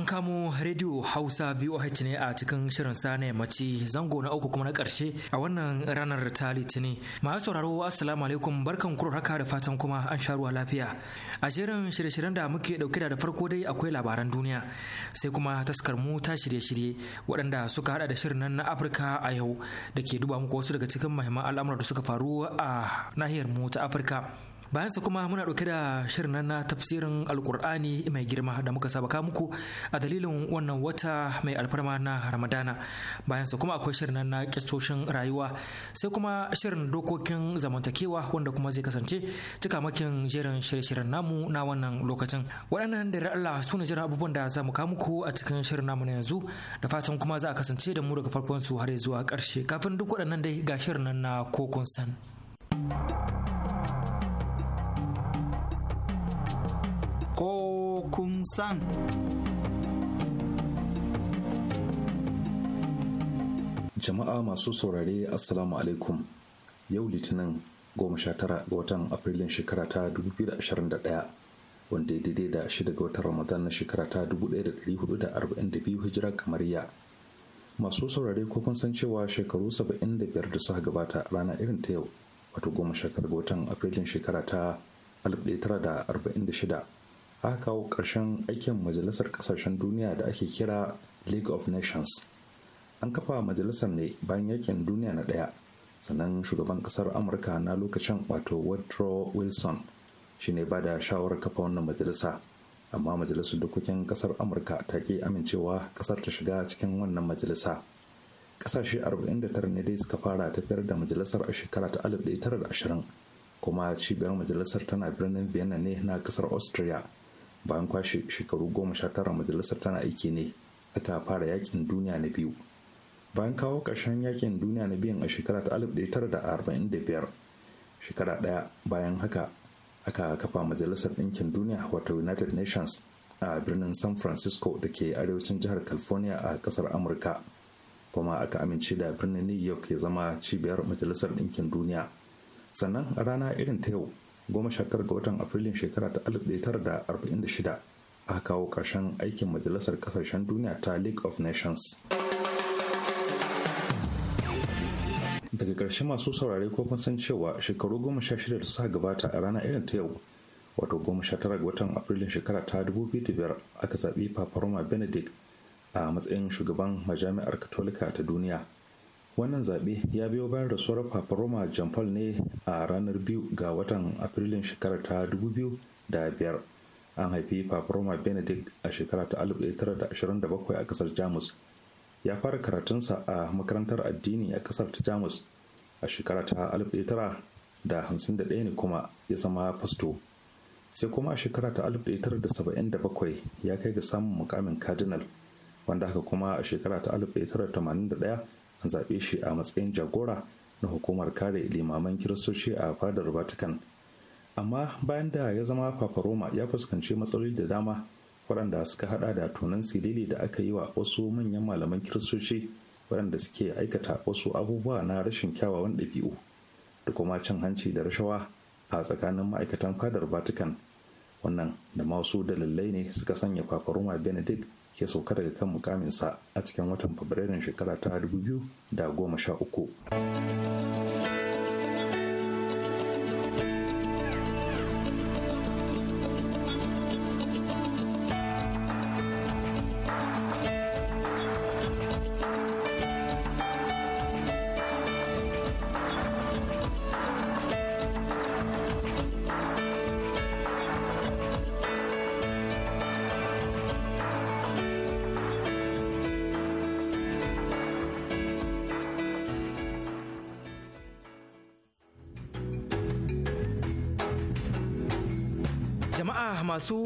An kamo Radio Hausa VOH ne a cikin shirin sa na yammaci zango na uku kuma na ƙarshe a wannan ranar ta Litinin. Masu sauraro Assalamu alaikum barkan kuro haka da fatan kuma an sha ruwa lafiya. A shirin shirye-shiryen da muke dauke da farko dai akwai labaran duniya sai kuma taskar mu ta shirye-shirye waɗanda suka haɗa da shirin nan na Afirka a yau da ke duba muku wasu daga cikin muhimman al'amuran da suka faru a nahiyar mu ta Afirka. bayan sa kuma muna dauke da shirin na tafsirin alkur'ani mai girma da muka saba muku a dalilin wannan wata mai alfarma na ramadana bayan sa kuma akwai shirin na kistoshin rayuwa sai kuma shirin dokokin zamantakewa wanda kuma zai kasance cikamakin jerin shirye-shiryen namu na wannan lokacin waɗannan da Allah su ne jiran abubuwan da za mu kawo muku a cikin shirin namu na yanzu da fatan kuma za a kasance da mu daga farkon su har zuwa karshe kafin duk waɗannan dai ga shirin nan na kokon san kun san jama'a masu saurare assalamu alaikum yau litinin goma sha tara ga watan afrilun shekara ta 2021 wanda ya daidai da shida ga watan ramadan na shekara ta 1442 hijira kamariya masu saurare ko kun san cewa shekaru 75 da suka gabata rana irin ta yau wato goma sha tara ga watan afrilun shekara ta 1946 aka kawo ƙarshen aikin majalisar ƙasashen duniya da ake kira league of nations an kafa majalisar ne bayan yakin duniya na ɗaya sannan shugaban ƙasar amurka na lokacin wato woodrow wilson shine ba da shawarar kafa wannan majalisa amma majalisar dokokin ƙasar amurka ta ke amincewa ƙasar ta shiga cikin wannan majalisa ƙasashe 49 ne dai suka fara tafiyar da majalisar a shekara ta 1920 kuma cibiyar majalisar tana birnin vienna ne na ƙasar austria bayan kwashe shekaru goma sha tara majalisar tana aiki ne aka fara yakin duniya na biyu bayan kawo ƙarshen yakin duniya na biyan a shekara ta biyar shekara ɗaya bayan haka aka kafa majalisar ɗinkin duniya wato united nations a birnin san francisco da ke arewacin jihar california a ƙasar amurka kuma aka amince da birnin new york ya zama cibiyar majalisar ɗinkin duniya sannan a rana irin ta yau goma sha ga watan afrilun shekara ta 1946 a kawo ƙarshen aikin majalisar ƙasashen duniya ta league of nations daga ƙarshe masu saurare ko kun san cewa shekaru goma sha shida da suka gabata a rana irin ta yau wato goma sha tara ga watan afrilun shekara ta 2005 aka zaɓi papa benedict a matsayin shugaban majami'ar katolika ta duniya wannan zaɓe ya biyo bayan rasuwar roma jean paul ne a ranar biyu ga watan afrilun shekara ta biyar an haifi papa roma benedict a shekara ta 1927 a kasar jamus ya fara karatunsa a makarantar addini a kasar ta jamus a shekara ta 1951 ne kuma ya zama fasto sai kuma a shekara ta 1977 ya kai ga samun mukamin cardinal wanda haka kuma a shekara ta 1981 an zaɓe shi a matsayin jagora na hukumar kare limaman kiristoci a fadar vatican amma bayan da ya zama fafaroma ya fuskanci matsaloli da dama waɗanda suka hada da tonan silili da aka yi wa wasu manyan malaman kiristoci waɗanda suke aikata wasu abubuwa na rashin kyawawan ɗabi'u da kuma cin hanci da rashawa a tsakanin ma'aikatan fadar vatican wannan da masu dalilai ne suka sanya fafaroma benedict ke sauka daga kan mukaminsa a cikin watan fabrairun shekara ta 2013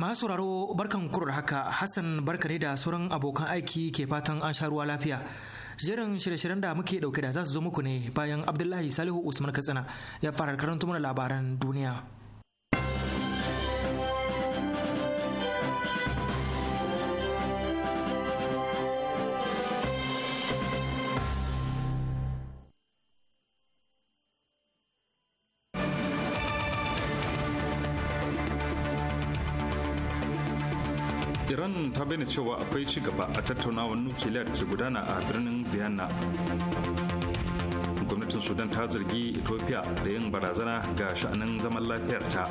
Masu sauraro barkan kurar haka Hassan barka ne da sauran abokan aiki ke fatan an sha ruwa lafiya. Jerin shirye-shiryen da muke dauke da za su zo muku ne bayan Abdullahi Salihu Usman Katsina ya fara karanta mana labaran duniya. shirin ta bayyana cewa akwai ci gaba a tattaunawar nukiliya da ke gudana a birnin vienna gwamnatin sudan ta zargi ethiopia da yin barazana ga sha'anin zaman lafiyarta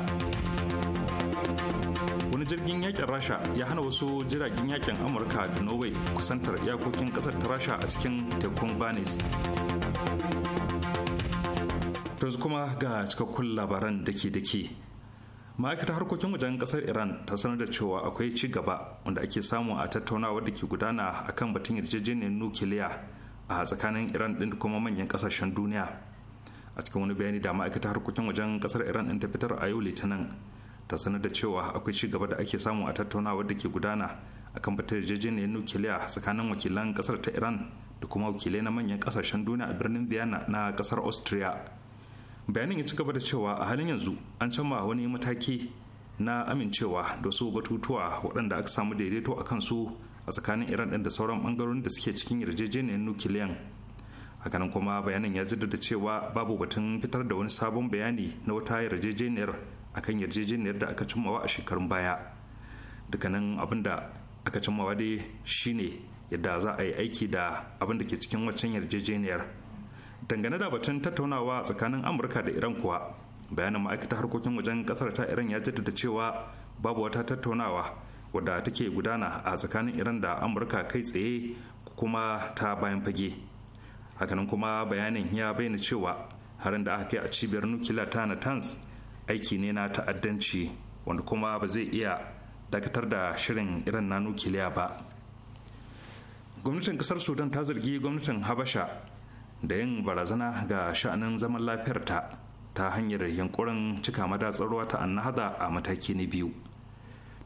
wani jirgin yakin rasha ya hana wasu jiragen yakin amurka da norway kusantar iyakokin kasar ta rasha a cikin tekun banis yanzu kuma ga cikakkun labaran dake-dake ma'aikatar harkokin wajen kasar iran ta sanar da cewa akwai ci gaba wanda ake samu a tattaunawa da ke gudana akan batun yarjejeniyar nukiliya a tsakanin iran din kuma manyan kasashen duniya a cikin wani bayani da ma'aikatar harkokin wajen kasar iran din ta fitar a yau litinin ta sanar da cewa akwai ci gaba da ake samu a tattaunawa da ke gudana akan batun yarjejeniyar nukiliya tsakanin wakilan kasar ta iran da kuma wakilai na manyan kasashen duniya a birnin vienna na kasar austria bayanin ya ci gaba da cewa a halin yanzu an cimma wani mataki na amincewa da su batutuwa waɗanda aka samu daidaito a kansu a tsakanin iran ɗin da sauran ɓangarorin da suke cikin yarjejeniyar nukiliyan hakanan kuma bayanin ya jaddada cewa babu batun fitar da wani sabon bayani na wata yarjejeniyar akan yarjejeniyar da aka cimmawa a shekarun baya dukkanin abin da aka cimmawa dai shine yadda za a yi aiki da abin da ke cikin waccan yarjejeniyar dangane da batun tattaunawa tsakanin amurka da iran kuwa bayanin ma'aikatar harkokin wajen kasar ta iran ya jaddada cewa babu wata tattaunawa wadda take gudana a tsakanin iran da amurka kai tsaye kuma ta bayan fage hakanan kuma bayanin ya bayyana cewa harin da aka kai a cibiyar nukila ta natanz aiki ne na ta'addanci wanda kuma ba zai iya dakatar da shirin iran na nukiliya ba gwamnatin kasar sudan ta zargi gwamnatin habasha da yin barazana ga sha'anin zaman lafiyarta ta hanyar yankurin cika madatsar ruwa ta annahada a mataki na biyu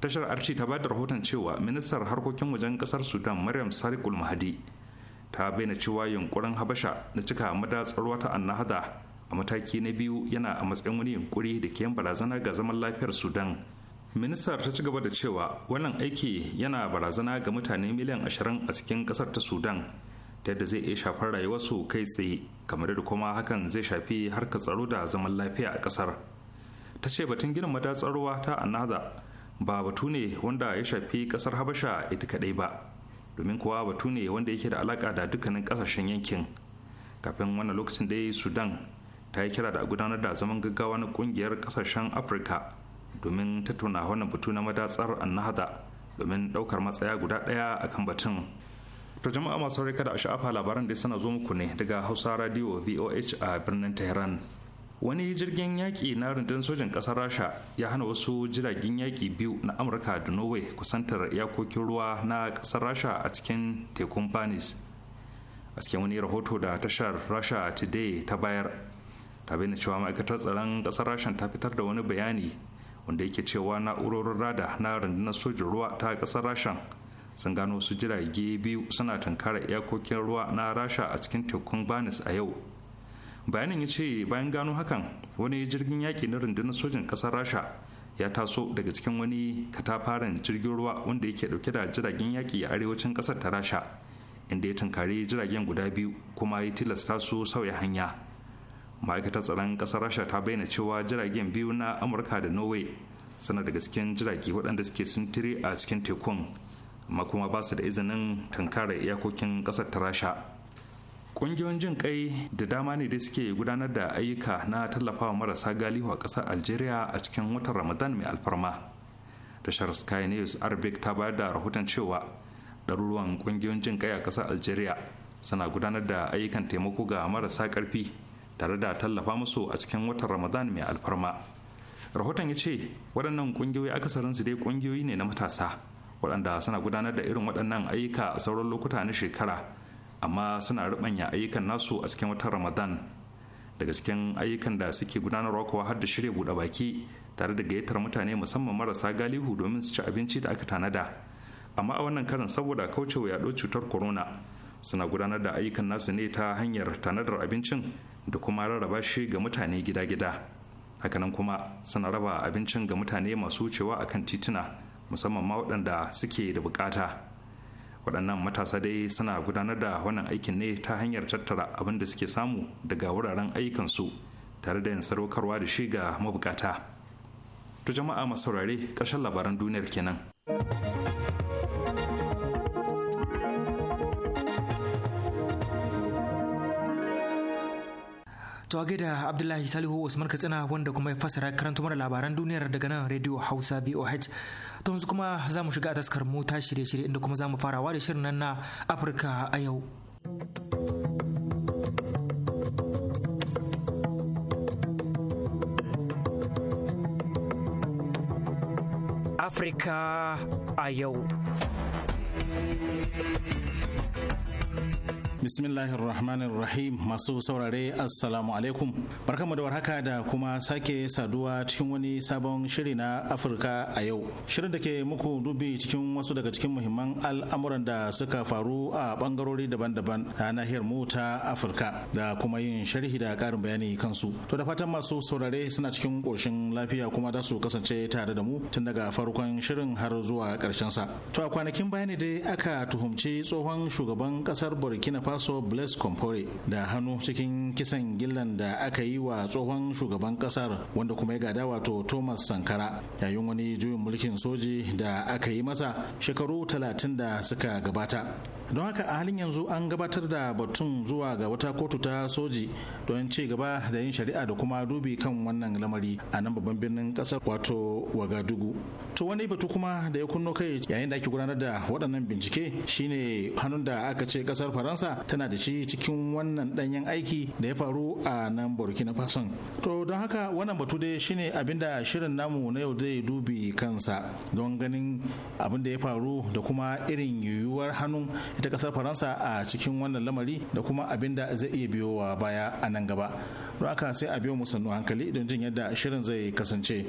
tashar arci ta bada da rahoton cewa ministar harkokin wajen kasar sudan maryam sarikul mahadi ta bayyana cewa yunkurin habasha na cika madatsar ruwa ta annahada a mataki na biyu yana a matsayin wani yunkuri da ke barazana ga zaman lafiyar sudan ministar ta ci gaba da cewa wannan aiki yana barazana ga mutane miliyan ashirin a cikin kasar ta sudan ta yadda zai iya shafar rayuwarsu kai tsaye kamar da kuma hakan zai shafi harkar tsaro da zaman lafiya a kasar ta ce batun ginin madatsar ruwa ta anaza ba batu ne wanda ya shafi kasar habasha ita kadai ba domin kuwa batu ne wanda yake da alaka da dukkanin kasashen yankin kafin wannan lokacin dai sudan ta yi kira da gudanar da zaman gaggawa na kungiyar kasashen afirka domin tattauna wannan batu na madatsar annahda domin daukar matsaya guda daya akan batun To jama'a masu rika da sha'afa labaran da sana zo muku ne daga Hausa Radio VOH a birnin Tehran. Wani jirgin yaƙi na rundunar sojin ƙasar Rasha ya hana wasu jiragen yaƙi biyu na Amurka da Norway kusantar iyakokin ruwa na ƙasar Rasha a cikin tekun Banis. A cikin wani rahoto da tashar Rasha Today ta bayar, ta bayyana cewa ma'aikatar tsaron ƙasar Rasha ta fitar da wani bayani wanda yake cewa na'urorin rada na rundunar sojin ruwa ta ƙasar Rasha sun gano su jirage biyu suna tunkara iyakokin ruwa na rasha a cikin tekun banis a yau bayanin ya ce bayan gano hakan wani jirgin yaki na rundunar sojin ƙasar rasha ya taso daga cikin wani katafaren jirgin ruwa wanda yake ɗauke da jiragen yaki a arewacin ƙasar ta rasha inda ya tunkari jiragen guda biyu kuma ya tilasta su sauya hanya ma'aikatar tsaron ƙasar rasha ta bayyana cewa jiragen biyu na amurka da norway suna daga cikin jirage waɗanda suke sintiri a cikin tekun amma kuma ba su da izinin tunkarar iyakokin ƙasar ta rasha ƙungiyoyin jin kai da dama ne da suke gudanar da ayyuka na tallafawa marasa galihu a ƙasar algeria a cikin watan ramadan mai alfarma tashar sky news arabic ta bayar da rahoton cewa ɗaruruwan ƙungiyoyin jin kai a ƙasar algeria suna gudanar da ayyukan taimako ga marasa ƙarfi tare da tallafa musu a cikin watan ramadan mai alfarma rahoton ya ce waɗannan ƙungiyoyi akasarinsu dai ƙungiyoyi ne na matasa waɗanda suna gudanar da irin waɗannan ayyuka a sauran lokuta na shekara amma suna rubanya ayyukan nasu a cikin watan ramadan daga cikin ayyukan da suke gudanarwa kuwa har da shirya buɗe baki tare da gayyatar mutane musamman marasa galihu domin su ci abinci da aka tanada amma a wannan karin saboda kauce wa yaɗo cutar corona suna gudanar da ayyukan nasu ne ta hanyar tanadar abincin da kuma rarraba shi ga mutane gida-gida hakanan kuma suna raba abincin ga mutane masu wucewa akan tituna musamman ma waɗanda suke da bukata waɗannan matasa dai suna gudanar da wannan aikin ne ta hanyar tattara abin da suke samu daga wuraren ayyukansu tare da yin sadaukarwa da shi ga mabukata to jama'a masaurare ƙarshen labaran duniyar kenan To da Abdullahi Salihu Usman Katsina wanda kuma ya fasara karanta mana labaran duniyar daga nan Radio Hausa VOH. ta yanzu kuma za mu shiga a taskar mu ta shirye-shirye inda kuma za mu farawa da shirin nan na Afirka a yau. Afirka a yau. bismillahir rahmanir rahim masu saurare assalamu alaikum barkamu da warhaka da kuma sake saduwa cikin wani sabon shiri na afirka a yau shirin da ke muku dubi cikin wasu daga cikin muhimman al'amuran da suka faru a bangarori daban-daban a nahiyar mu ta afirka da kuma yin sharhi da karin bayani kansu to da fatan masu saurare suna cikin koshin lafiya kuma za su kasance tare da mu tun daga farkon shirin har zuwa karshen sa to a kwanakin bayani dai aka tuhumci tsohon shugaban kasar burkina faso faso blaise compaore da hannu cikin kisan gillan da aka yi wa tsohon shugaban kasar wanda kuma ya gada wato thomas sankara yayin wani juyin mulkin soji da aka yi masa shekaru talatin da suka gabata don haka a halin yanzu an gabatar da batun zuwa ga wata kotu ta soji don ci gaba da yin shari'a da kuma dubi kan wannan lamari a nan babban birnin kasar wato wagadugu to wani batu kuma da ya kunno kai yayin da ake gudanar da waɗannan bincike shine hannun da aka ce kasar faransa tana da shi cikin wannan ɗanyen aiki da ya faru a nan burkina faso to don haka wannan batu dai shine abinda shirin namu na yau zai dubi kansa don ganin abinda ya faru da kuma irin yiwuwar hannun ita kasar faransa a cikin wannan lamari da kuma abin da zai iya biyo wa baya a nan gaba don haka sai a biyo mu sannu hankali don jin yadda shirin zai kasance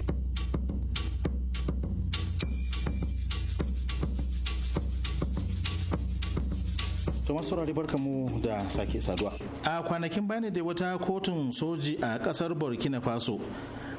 saurari barka mu da sake saduwa a kwanakin bayan da wata kotun soji a kasar burkina faso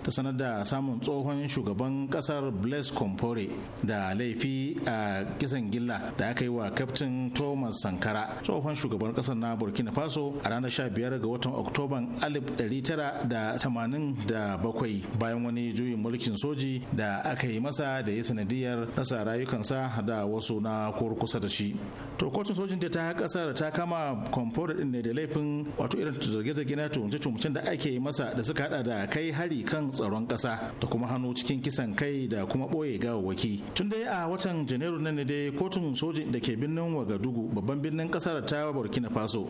ta sanar da samun tsohon shugaban kasar blaise compore da laifi a kisan gilla da aka yi wa captain thomas sankara tsohon shugaban kasar na burkina faso a ranar 15 ga watan oktoban 1987 bayan wani juyin mulkin soji da aka yi masa da ya sanadiyar rasa rayukansa da wasu na kurkusa da shi to kotun sojin da ta kasar ta kama compaore din ne da laifin wato irin zarge-zarge na tumce-tumcen da ake yi masa da suka hada da kai hari kan tsaron ƙasa da kuma hannu cikin kisan kai da kuma ɓoye gawawwaki tun dai a watan janairu nan ne dai kotun sojin da ke birnin wagadugu babban birnin ƙasar ta burkina faso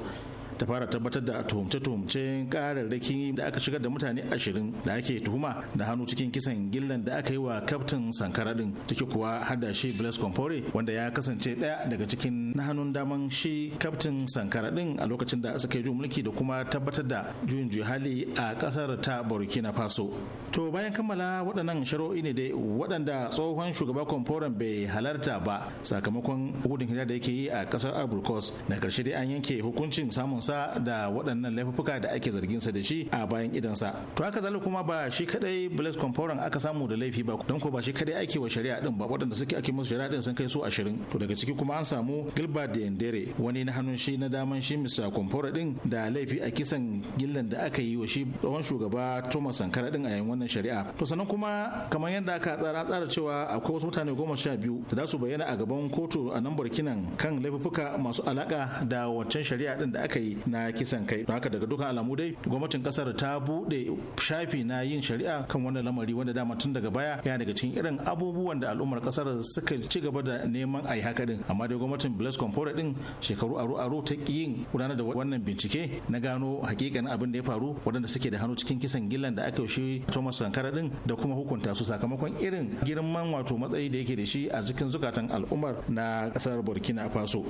ta fara tabbatar da tuhumce-tuhumcen kararrakin da aka shigar da mutane ashirin da ake tuhuma da hannu cikin kisan gillan da aka yi wa kaftin sankara din ciki kuwa hada shi blaise compore wanda ya kasance daya daga cikin na hannun daman shi kaftin sankara din a lokacin da suka yi mulki da kuma tabbatar da juyin juyi hali a kasar ta burkina faso to bayan kammala waɗannan shari'o'i ne dai waɗanda tsohon shugaba compore bai halarta ba sakamakon gudun hijira da yake yi a kasar ivory coast na karshe dai an yanke hukuncin samun kusa da waɗannan laifuka da ake zargin sa da shi a bayan idansa to haka zalu kuma ba shi kadai Blaise Compaoré aka samu da laifi ba don ko ba shi kadai ake wa shari'a din ba waɗanda suke ake musu shari'a din sun kai su 20 to daga ciki kuma an samu Gilbert de Endere wani na hannun shi na daman shi Mr. Compaoré din da laifi a kisan gillan da aka yi wa shi tsohon shugaba Thomas Sankara din a yayin wannan shari'a to sannan kuma kamar yadda aka tsara tsara cewa akwai wasu mutane goma sha biyu da za su bayyana a gaban kotu a nan Burkina kan laifuka masu alaka da waccan shari'a din da aka yi na kisan kai don haka daga dukkan alamu dai gwamnatin kasar ta bude shafi na yin shari'a kan wannan lamari wanda dama tun daga baya ya daga cikin irin abubuwan da al'ummar kasar suka ci gaba da neman a yi haka din amma dai gwamnatin Blaise Compaore din shekaru aro aro ta ki yin gudanar da wannan bincike na gano hakikanin abin da ya faru waɗanda suke da hannu cikin kisan gillan da aka shi Thomas Sankara din da kuma hukunta su sakamakon irin girman wato matsayi da yake da shi a cikin zukatan al'ummar na kasar Burkina Faso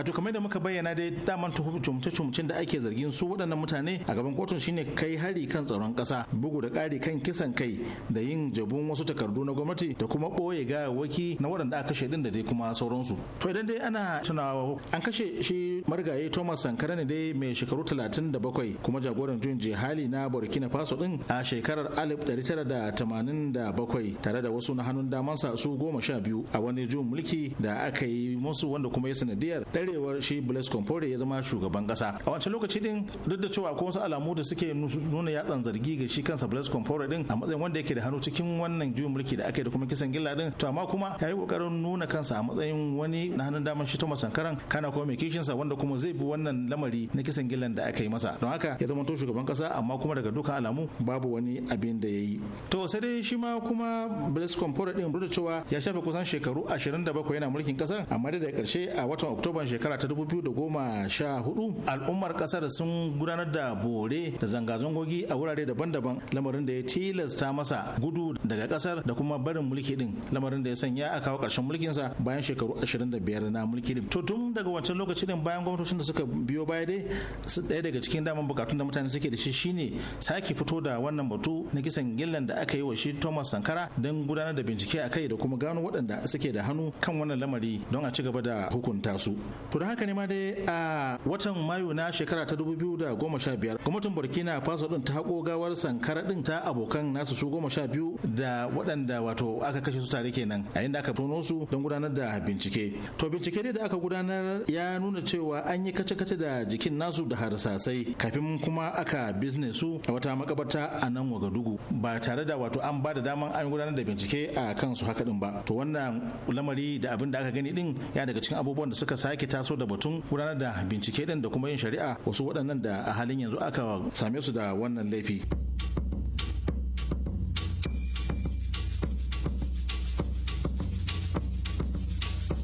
to kamar da muka bayyana dai daman tuhumce-tuhumcen da ake zargin su waɗannan mutane a gaban kotun shine kai hari kan tsaron kasa, bugu da ƙari kan kisan kai da yin jabun wasu takardu na gwamnati da kuma ɓoye gawawwaki na waɗanda aka kashe din da dai kuma sauransu to idan dai ana tunawa an kashe shi marigaye Thomas Sankara ne dai mai shekaru 37 kuma jagoran juyin jihali na Burkina Faso din a shekarar alif 1987 tare da wasu na hannun damansa su goma sha biyu a wani juyin mulki da aka yi musu wanda kuma ya sanadiyar darewar shi Blaise Compaore ya zama shugaban kasa a wancan lokaci din duk da cewa akwai wasu alamu da suke nuna yatsan zargi ga shi kansa Blaise Compaore din a matsayin wanda yake da hannu cikin wannan juyin mulki da aka yi da kuma kisan gilla din to amma kuma yayi kokarin nuna kansa a matsayin wani na hannun daman shi Thomas Sankaran kana kuma mai kishin sa wanda kuma zai bi wannan lamari na kisan gillan da aka yi masa don haka ya zama to shugaban kasa amma kuma daga dukkan alamu babu wani abin da yayi to sai dai shi ma kuma Blaise Compaore din duk da cewa ya shafe kusan shekaru 27 yana mulkin kasa amma da daga karshe a watan shekara ta da goma sha hudu al'ummar kasar sun gudanar da bore da zanga-zangogi a wurare daban-daban lamarin da ya tilasta masa gudu daga kasar da kuma barin mulki din lamarin da ya sanya a kawo ƙarshen sa bayan shekaru 25 na mulki din to tun daga wancan lokacin din bayan gwamnatocin da suka biyo baya dai su daya daga cikin daman bukatun da mutane suke da shi shine sake fito da wannan batu na kisan gillan da aka yi wa shi Thomas Sankara don gudanar da bincike a kai da kuma gano waɗanda suke da hannu kan wannan lamari don a ci gaba da hukunta su To da haka ne ma dai a watan Mayu na shekara ta 2015 gwamnatin Burkina Faso din ta hako gawar sankara din ta abokan nasu su 12 da waɗanda wato aka kashe su tare kenan a inda aka tono su don gudanar da bincike. To bincike dai da aka gudanar ya nuna cewa an yi kace-kace da jikin nasu da harsasai kafin kuma aka bizne su a wata makabarta a nan Wagadugu ba tare da wato an ba da daman an gudanar da bincike a kansu haka din ba. To wannan lamari da abin da aka gani din ya daga cikin abubuwan da suka sake taso da batun gudanar da bincike din da kuma yin shari'a wasu waɗannan da a halin yanzu aka same su da wannan laifi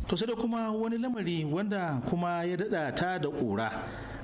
to sai da kuma wani lamari wanda kuma ya daɗa ta da ƙura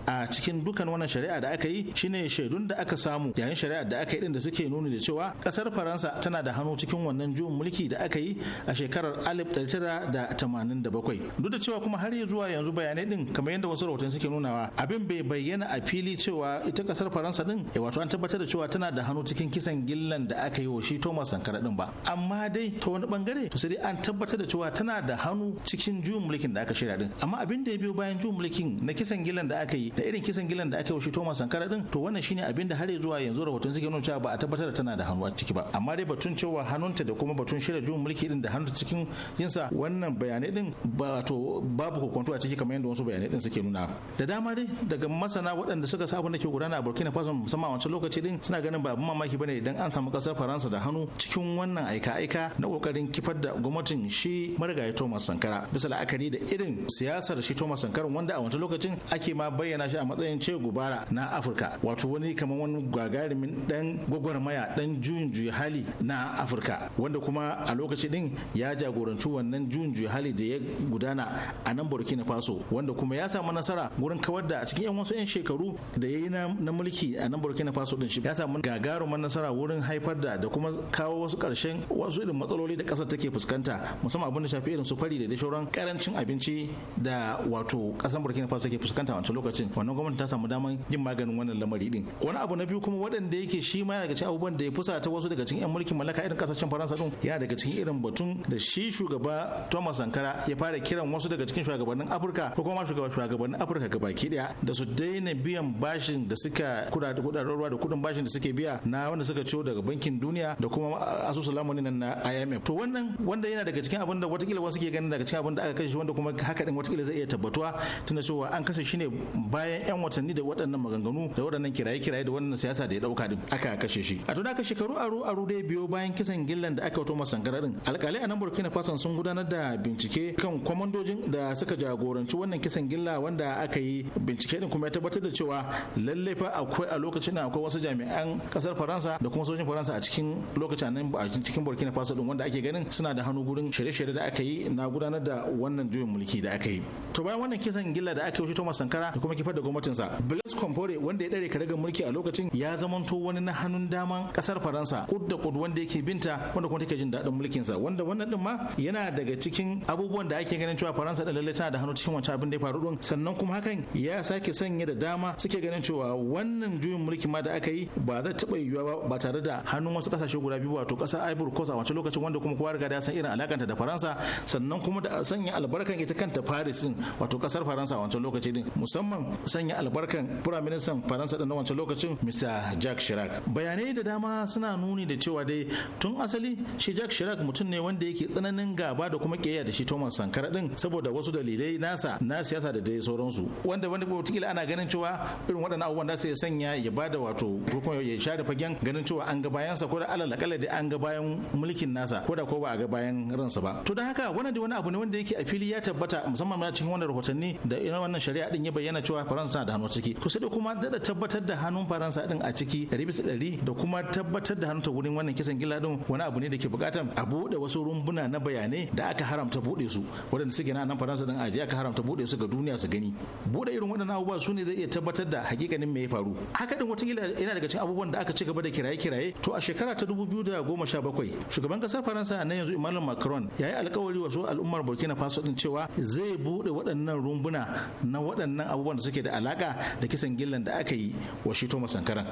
a cikin dukan wannan shari'a da aka yi shine shaidun da aka samu yayin shari'a da aka yi din da suke nuni da cewa kasar faransa tana da hannu cikin wannan juyin mulki da aka yi a shekarar 1987 duk da cewa kuma har zuwa yanzu bayanai din kamar yadda wasu rahoton suke nunawa abin bai bayyana a fili cewa ita kasar faransa din eh, wato an tabbatar da cewa tana da hannu cikin kisan gillan da aka yi wa shi thomas sankara din ba amma dai ta wani bangare to sai an tabbatar da cewa tana da hannu cikin juyin mulkin da aka shirya din amma abin da ya biyo bayan juyin mulkin na kisan gillan da aka yi da irin kisan gilan da aka yi wa shi Thomas Sankara din to wannan shine abin da har zuwa yanzu rahoton suke nuna cewa ba a tabbatar da tana da hannu a ciki ba amma dai batun cewa hannunta da kuma batun shirya juyin mulki din da hannu cikin yinsa wannan bayanai din ba to babu hukuntu a ciki kamar yadda wasu bayanai din suke nuna da dama dai daga masana waɗanda suka sa abin da ke gudana a Burkina Faso musamman a wancan lokaci din suna ganin ba abin mamaki bane idan an samu kasar Faransa da hannu cikin wannan aika-aika na kokarin kifar da gwamnatin shi marigayi Thomas Sankara bisa la'akari da irin siyasar shi Thomas Sankara wanda a wancan lokacin ake ma bayyana bayyana shi a matsayin ce gubara na afirka wato wani kamar wani gagarumin dan gwagwarmaya dan juyin juyi hali na afirka wanda kuma a lokaci din ya jagoranci wannan juyin juyi hali da ya gudana a nan burkina faso wanda kuma ya samu nasara wurin kawar da a cikin yan wasu yan shekaru da ya yi na mulki a nan burkina faso din shi ya samu gagarumin nasara wurin haifar da da kuma kawo wasu karshen wasu irin matsaloli da kasar take fuskanta musamman abin da shafi irin su fari da da shauran karancin abinci da wato kasar burkina faso take fuskanta wancan lokacin wannan gwamnati ta samu damar yin maganin wannan lamari din wani abu na biyu kuma waɗanda yake shi ma daga cikin abubuwan da ya fusa ta wasu daga cikin yan mulkin mallaka irin kasashen faransa din ya daga cikin irin batun da shi shugaba thomas sankara ya fara kiran wasu daga cikin shugabannin afirka ko kuma shugaba shugabannin afirka gabaki daya da su daina biyan bashin da suka kudaden ruwa da kudin bashin da suke biya na wanda suka ciyo daga bankin duniya da kuma asusun lamunin nan na imf to wannan wanda yana daga cikin abin da watakila wasu ke ganin daga cikin abin da aka kashe wanda kuma haka din watakila zai iya tabbatuwa tunda cewa an kashe shi ne bayan bayan yan watanni da waɗannan maganganu da waɗannan kiraye-kiraye da wannan siyasa da ya ɗauka din aka kashe shi a tun aka shekaru aru-aru dai biyo bayan kisan gillan da aka wato masangara din alƙali a nan burkina faso sun gudanar da bincike kan kwamandojin da suka jagoranci wannan kisan gilla wanda aka yi bincike din kuma ya tabbatar da cewa lalle fa akwai a lokacin akwai wasu jami'an kasar faransa da kuma sojin faransa a cikin lokacin nan a cikin burkina faso din wanda ake ganin suna da hannu gurin shirye-shirye da aka yi na gudanar da wannan juyin mulki da aka yi to bayan wannan kisan gilla da aka yi thomas sankara da kuma kifar da gwamnatinsa blaise compaore wanda ya dare karagar mulki a lokacin ya zamanto wani na hannun daman kasar faransa kud da kud wanda yake binta wanda kuma take jin daɗin mulkinsa wanda wannan din ma yana daga cikin abubuwan da ake ganin cewa faransa da lalle tana da hannu cikin wancan abin da ya faru din sannan kuma hakan ya sake sanya da dama suke ganin cewa wannan juyin mulki ma da aka yi ba zai taɓa yiwuwa ba tare da hannun wasu kasashe guda biyu wato kasar ivory coast a wancan lokacin wanda kuma kowa riga da san irin alakanta da faransa sannan kuma da sanya albarkan ita kanta paris din wato kasar faransa a wancan lokacin din musamman sanya albarkan firaministan faransa da na wancan lokacin mr jack shirak bayanai da dama suna nuni da cewa dai tun asali shi jack shirak mutum ne wanda yake tsananin gaba da kuma kiyaye da shi thomas sankara din saboda wasu dalilai nasa na siyasa da dai sauransu wanda wani wataƙila ana ganin cewa irin waɗannan abubuwan da ya sanya ya ba da wato ko kuma ya share fagen ganin cewa an ga bayansa ko da alal akalla da an ga bayan mulkin nasa ko da ko ba a ga bayan ransa ba to don haka wannan da wani abu ne wanda yake a fili ya tabbata musamman ma cikin wannan rahotanni da irin wannan shari'a din ya bayyana cewa faransa tana da hannu ciki to sai da kuma da tabbatar da hannun faransa din a ciki ɗari bisa ɗari da kuma tabbatar da hannunta wurin wannan kisan gila din wani abu ne da ke buƙatar a buɗe wasu rumbuna na bayanai da aka haramta buɗe su waɗanda suke na nan faransa din aje aka haramta buɗe su ga duniya su gani buɗe irin waɗannan abubuwa su ne zai iya tabbatar da hakikanin me ya faru haka din watakila yana daga cikin abubuwan da aka ci gaba da kiraye-kiraye to a shekara ta dubu biyu da goma sha bakwai shugaban kasar faransa na yanzu emmanuel macron ya yi alkawari wasu al'ummar burkina faso din cewa zai buɗe waɗannan rumbuna na waɗannan abubuwan da suke suke da alaka da kisan gillan da aka yi wa shi Thomas Sankaran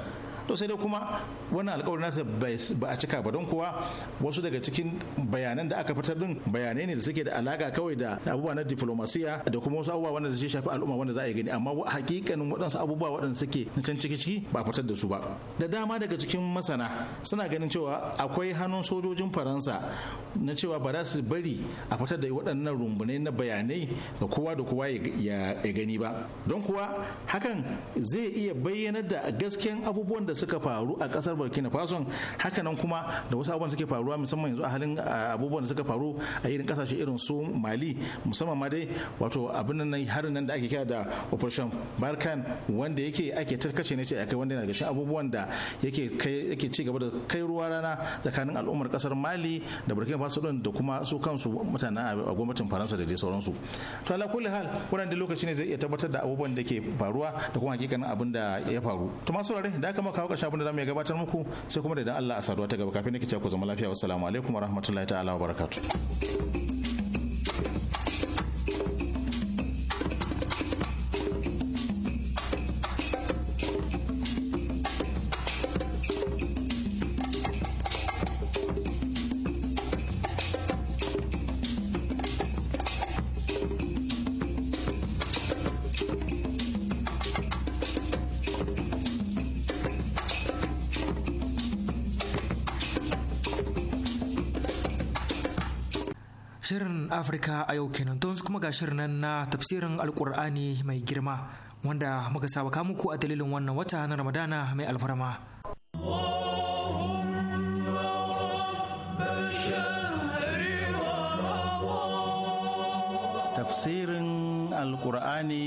to sai dai kuma wannan alkawarin nasa ba a cika ba don kuwa wasu daga cikin bayanan da aka fitar din bayanai ne da suke da alaka kawai da abubuwa na diplomasiya da kuma wasu abubuwa wanda zai shafi al'umma wanda za a yi gani amma hakikanin waɗansu abubuwa waɗanda suke na can ciki ciki ba a fitar da su ba da dama daga cikin masana suna ganin cewa akwai hannun sojojin faransa na cewa ba za su bari a fitar da waɗannan rumbunai na bayanai da kowa da kowa ya gani ba don kuwa hakan zai iya bayyanar da gasken abubuwan da da suka faru a kasar burkina faso hakanan kuma da wasu abubuwan suke faruwa musamman yanzu a halin abubuwan da suka faru a irin kasashe irin su mali musamman ma dai wato abin nan harin nan da ake kira da operation barkan wanda yake ake tarkace ne ce akai wanda yana gashin abubuwan da yake yake ci gaba da kai ruwa rana tsakanin al'ummar kasar mali da burkina faso din da kuma su kansu mutanen a gwamnatin faransa da dai sauransu to ala kulli hal wannan da lokaci ne zai iya tabbatar da abubuwan da ke faruwa da kuma hakikanin abin da ya faru to masu da aka maka kawo ga shafin da zamu iya gabatar muku sai kuma da idan Allah a saduwa ta gaba kafin nake cewa ku zama lafiya wassalamu alaikum warahmatullahi ta'ala wabarakatuh Afirka a yau kenan don kuma ga shirin nan na tafsirin Alkur'ani mai girma wanda muka saba muku a dalilin wannan wata na Ramadana mai alfarma. Tafsirin Alkur'ani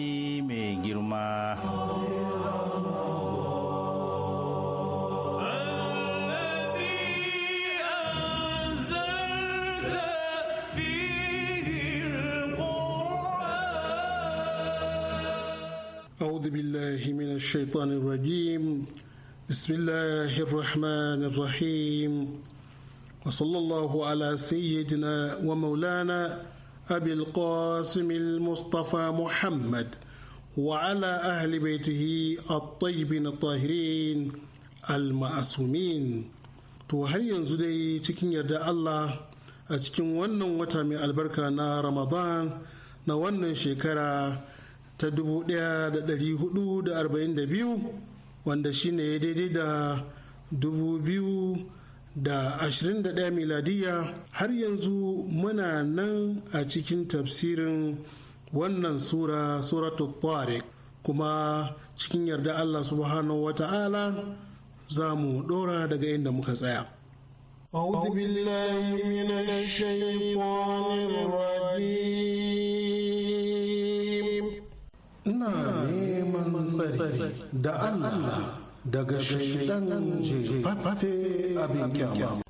الشيطان الرجيم بسم الله الرحمن الرحيم وصلى الله على سيدنا ومولانا أبي القاسم المصطفى محمد وعلى أهل بيته الطيبين الطاهرين المعصومين to har yanzu dai cikin yarda Allah a cikin wannan wata mai albarka na Ramadan na wannan shekara ta 1442 wanda shi ne ya daidai da 2021 miladiya har yanzu muna nan a cikin tafsirin wannan sura suratul tariq kuma cikin yarda Allah subhanahu wa ta'ala za mu ɗora daga inda muka tsaya. أعوذ بالله من الشيطان الرجيم da Allah daga shaidan jefafe abin kyama.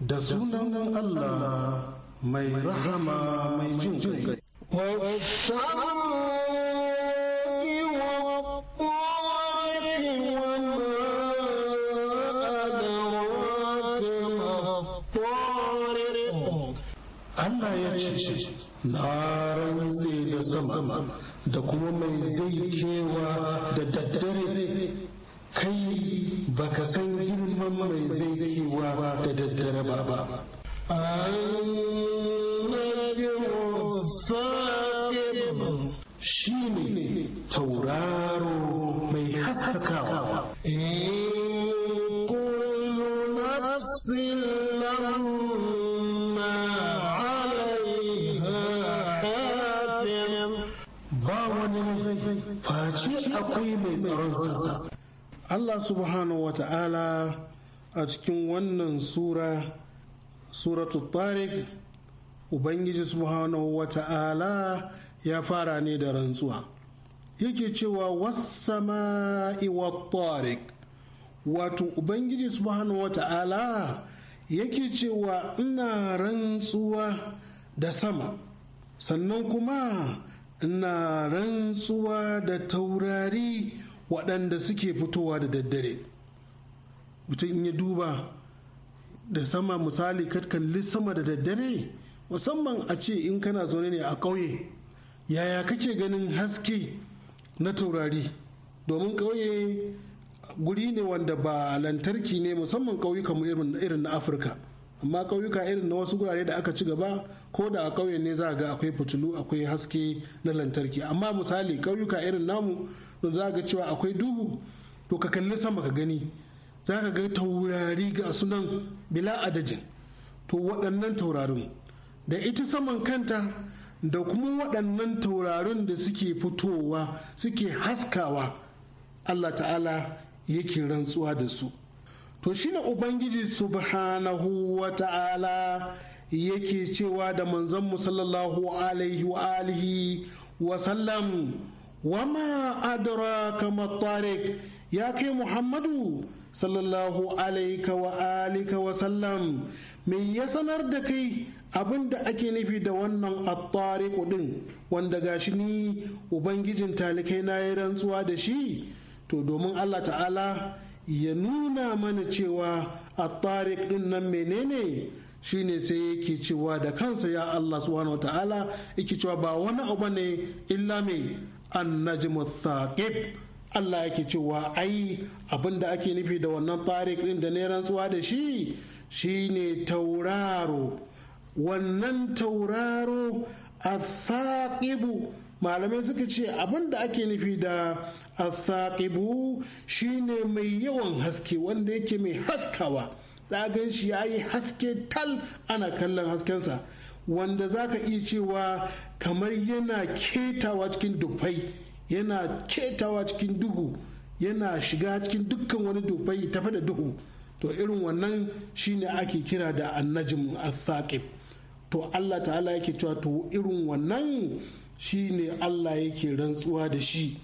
Da sunan Allah mai rahama shi na rantse da sama da kuma mai zai kewa da daddare kai baka san girman mai zai kewa ba da daddare ba ba shi ne tauraro mai haskakawa eh. Allah subhanahu wa ta'ala a cikin wannan sura suratu tariq ubangiji subhanahu wa ta'ala ya fara ne da rantsuwa yake cewa wasama'i wa tariq wato ubangiji subhanahu wa ta'ala yake cewa ina rantsuwa da sama sannan kuma ina rantsuwa da taurari waɗanda suke fitowa da daddare mutum in ya duba da sama misali ka kalli sama da daddare musamman a ce in kana zaune ne a ƙauye yaya kake ganin haske na taurari domin ƙauye guri ne wanda ba lantarki ne musamman ƙauyuka mu irin na afirka amma ƙauyuka irin na wasu gurare da aka ci gaba ko da a ƙauye ne za a ga akwai fitilu akwai haske na lantarki amma misali ƙauyuka irin namu to za ga cewa akwai duhu to ka kalli sama ka gani za ka ga taurari ga sunan bila adadin to waɗannan taurarin da ita saman kanta da kuma waɗannan taurarin da suke fitowa suke haskawa Allah ta'ala yake rantsuwa da su to shine ubangiji subhanahu wa ta'ala yake cewa da manzon sallallahu alaihi wa alihi wa sallam wama adara kama tarik ya kai muhammadu sallallahu alaika wa alika wa sallam me ya sanar da kai abin da ake nufi da wannan attari din wanda gashi ni ubangijin talikai na ya rantsuwa da shi to domin allah ta'ala ya nuna mana cewa attari din nan menene shine sai yake cewa da kansa ya allah subhanahu ta'ala yake cewa ba wani abu ne illa mai annajmu thaqib Allah yake cewa ai abinda ake nufi da wannan tariq din da ne rantsuwa da shi shine tauraro wannan tauraro athaqibu malamai suka ce abin da ake nufi da athaqibu shine mai yawan haske wanda yake mai haskawa da gan shi yayi haske tal ana kallon haskensa wanda za ka iya cewa kamar yana ketawa cikin dufai yana ketawa cikin duhu yana shiga cikin dukkan wani dufai tafi da duhu to irin wannan shine ake kira da annajim al saqib to Allah ta'ala yake cewa to irin wannan shine Allah yake rantsuwa da shi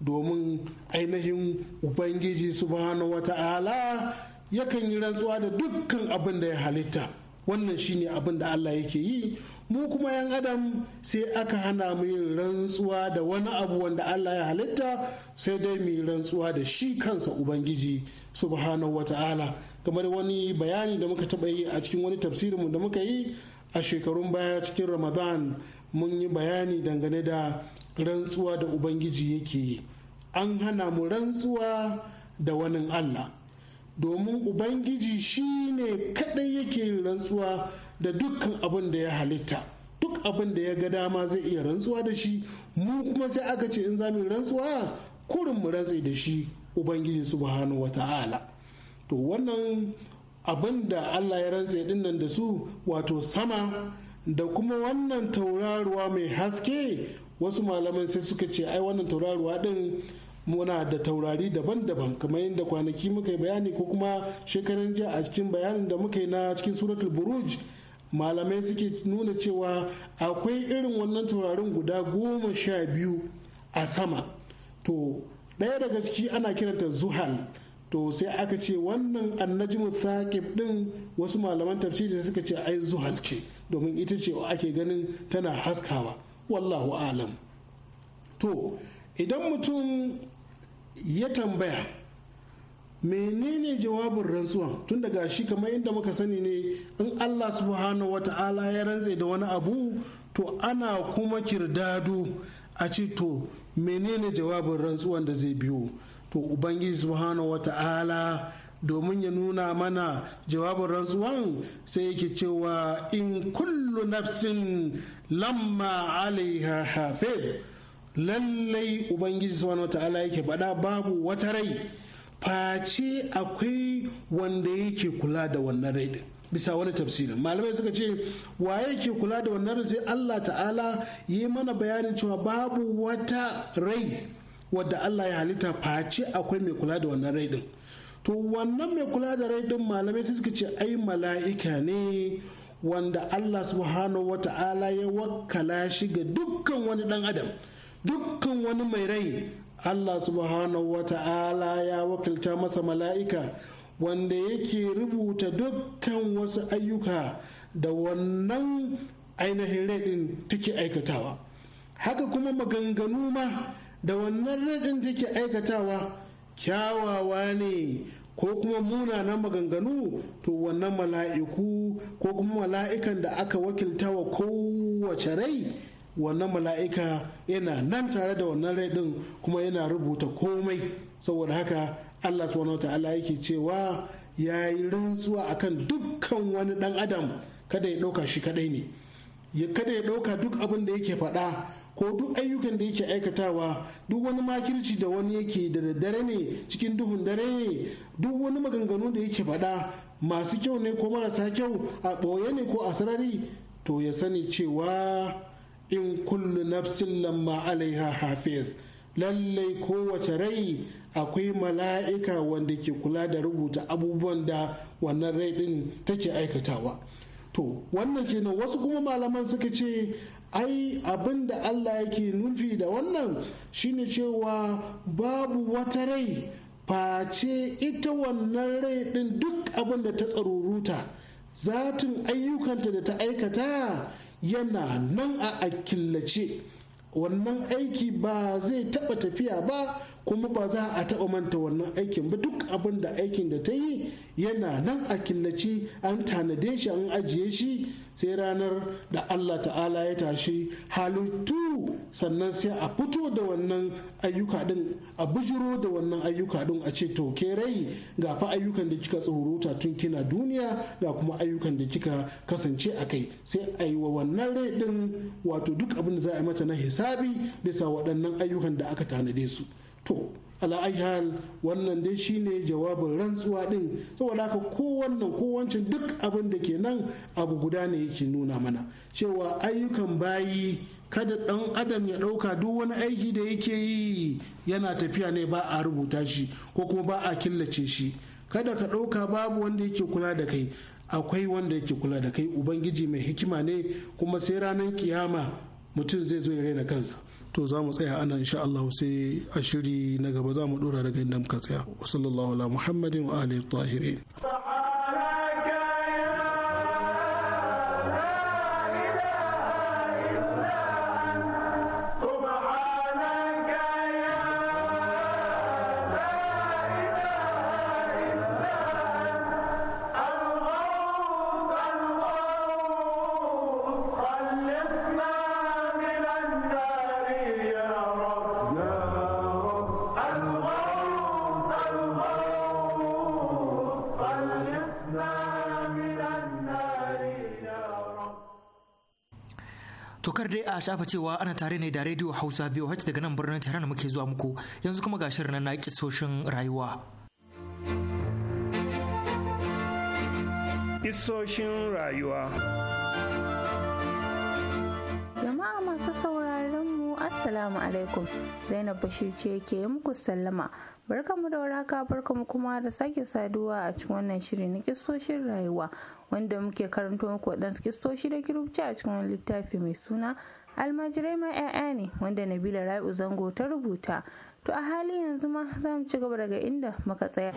domin ainihin ubangiji subhanahu wata'ala yakan yi rantsuwa da dukkan abin da ya halitta wannan shine abin da Allah yake yi mu kuma yan adam sai aka hana mu yin rantsuwa da wani abu wanda Allah ya halitta sai dai mu yi rantsuwa da shi kansa ubangiji subhanahu wata'ala kamar wani bayani da muka taba yi a cikin wani tafsirin mu da muka yi a shekarun baya cikin ramadan mun yi bayani dangane da rantsuwa da ubangiji yake yi an hana mu rantsuwa da wani Allah domin ubangiji shi ne kaɗai yake yin rantsuwa da dukkan abin da ya halitta duk abin da ya ga dama zai iya rantsuwa da shi mu kuma sai aka ce in za mu rantsuwa kurin mu rantse da shi ubangiji subhanahu ta'ala. to wannan abin da allah ya rantse dinnan da su wato sama da kuma wannan tauraruwa mai haske wasu malaman sai suka ce ai wannan tauraruwa din muna da taurari daban-daban kamar yadda kwanaki muka yi bayani ko kuma shekaran jiya a cikin bayanin da muka yi na cikin suratul buruj malamai suke nuna cewa akwai irin wannan taurarin guda goma sha biyu a sama to ɗaya daga ciki ana kiranta zuhal to sai aka ce wannan annajin thaqib ɗin, wasu malaman tafsiri suka ce ai zuhal ce domin ita ce ake ganin tana haskawa wallahu alam to idan mutum ya tambaya menene jawabin rantsuwa tun daga shi kamar inda muka sani ne in allah subhanahu ta'ala ya rantse da wani abu to ana kuma kirdado a ce to menene jawabin rantsuwan da zai biyo to ubangiji subhanahu ta'ala domin ya nuna mana jawabin rantsuwan sai yake cewa in kullu nafsin lamma alaiha hafiz lallai ubangiji subhanahu wata'ala yake faɗa babu wata rai face akwai wanda yake kula da wannan rai bisa wani tafsirin malamai suka ce waye ke kula da wannan sai Allah ta'ala yi mana bayanin cewa babu wata rai wadda Allah ya halitta face akwai mai kula da wannan rai din to wannan mai kula da rai din malamai suka ce ai mala'ika ne wanda Allah subhanahu ta'ala ya wakkala shi ga dukkan wani dan adam dukkan wani mai rai Allah subhanahu wa ta'ala ya wakilta masa mala'ika wanda yake rubuta dukkan wasu ayyuka da wannan ainihin raɗin take aikatawa haka kuma maganganu ma da wannan raɗin take aikatawa kyawawa ne ko kuma munanan maganganu to wannan mala'iku ko kuma mala'ikan da aka wakilta wa kowace rai wannan mala'ika yana nan tare da wannan rai din kuma yana rubuta komai saboda haka Allah subhanahu ta'ala yake cewa ya yi rantsuwa akan dukkan wani dan adam kada ya ɗauka shi kadai ne kada ya ɗauka duk abin da yake faɗa ko duk ayyukan da yake aikatawa duk wani makirci da wani yake da dare ne cikin duhun dare ne duk wani maganganu da yake faɗa masu kyau ne ko marasa kyau a ɓoye ne ko a sarari to ya sani cewa in kullu nafsin lamma alaiha hafiz lallai kowace rai akwai mala'ika wanda ke kula da rubuta abubuwan da wannan rai din take aikatawa to wannan kenan wasu kuma malaman suka ce ai abin da allah yake nufi da wannan shine cewa babu wata rai face ita wannan rai din duk abin da ta tsaruruta zatin ayyukanta da ta aikata yana nan a killace wannan aiki ba zai taɓa tafiya ba kuma ba za a taɓa manta wannan aikin ba duk abin da aikin da ta yi yana nan a killace an tanade shi an ajiye shi sai ranar da Allah ta'ala ya tashi halittu sannan sai a fito da wannan ayyuka din a bujiro da wannan ayyuka din a ce toke rai ga fa ayyukan da kika ta tun kina duniya ga kuma ayyukan da kika kasance a kai sai a yi wa wannan rai din wato duk abin da za a yi mata na hisabi bisa waɗannan ayyukan da aka tanade su to ala'ayyar wannan dai shine jawabin rantsuwa din saboda haka ko wannan ko wancan duk abin da ke nan abu guda ne yake nuna mana cewa ayyukan bayi kada dan adam ya dauka duk wani aiki da yake yi yana tafiya ne ba a rubuta shi ko kuma ba a killace shi kada ka dauka babu wanda yake kula da kai akwai wanda yake kula da kai ubangiji mai hikima ne kuma sai ranar kiyama mutum zai zo ya raina kansa to za mu tsaya ana insha Allah sai a shiri na gaba za mu dora daga inda muka tsaya wa sallallahu ala muhammadin wa alihi tahirin shafa cewa ana tare ne da rediyo hausa biyu daga nan birnin tehran muke zuwa muku yanzu kuma ga shirin na kisoshin rayuwa kisoshin rayuwa jama'a masu sauraron mu assalamu alaikum zainab bashir ce ke muku sallama barkamu da waraka barkamu kuma da sake saduwa a cikin wannan shiri na kistoshin rayuwa wanda muke karanto muku waɗansu kistoshi da kirubci a cikin wani littafi mai suna almajirai ma 'ya'ya ne wanda nabila rai'u zango ta rubuta to a hali yanzu ma za mu ci gaba daga inda muka tsaya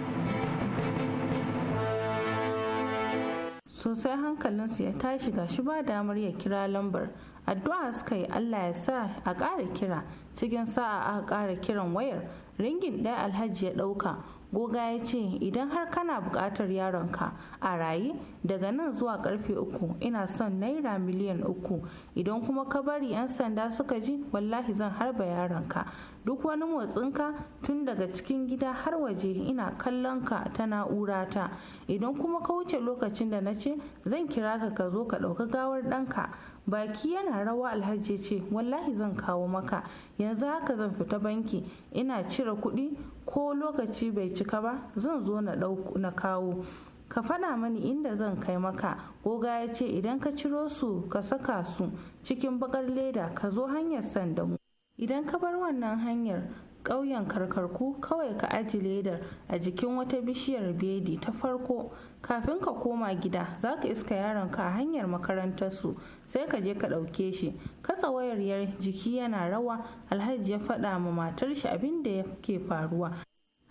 sosai hankalinsu ya tashi ga shi ba damar ya kira lambar addu'a suka yi allah ya sa a ƙara kira cikin sa'a aka ƙara kiran wayar ringin ɗaya alhaji ya ɗauka goga ya ce idan har kana buƙatar yaronka a raye daga nan zuwa karfe uku ina son naira miliyan uku idan kuma ka bari 'yan sanda suka ji wallahi zan harba yaronka duk wani motsinka tun daga cikin gida har waje ina kallon ka ta na'urata idan kuma ka wuce lokacin da na ce zan kira ka ka zo ka ɗauka gawar ɗanka baki yana rawa alhaji ce wallahi zan kawo maka yanzu haka zan fita banki ina cire kuɗi ko lokaci bai cika ba zan zo na kawo ka faɗa mani inda zan kai maka goga ya ce idan ka ciro su ka saka su cikin bakar leda ka zo hanyar sandamu idan ka bar wannan hanyar ƙauyen karkarku kawai ka aji ledar a jikin wata bishiyar bedi ta farko kafin ka koma gida za ka iska yaronka a hanyar makarantarsu sai ka je ka ɗauke shi katsa wayar jiki yana rawa alhaji ya faɗa ma matar shi abin da ke faruwa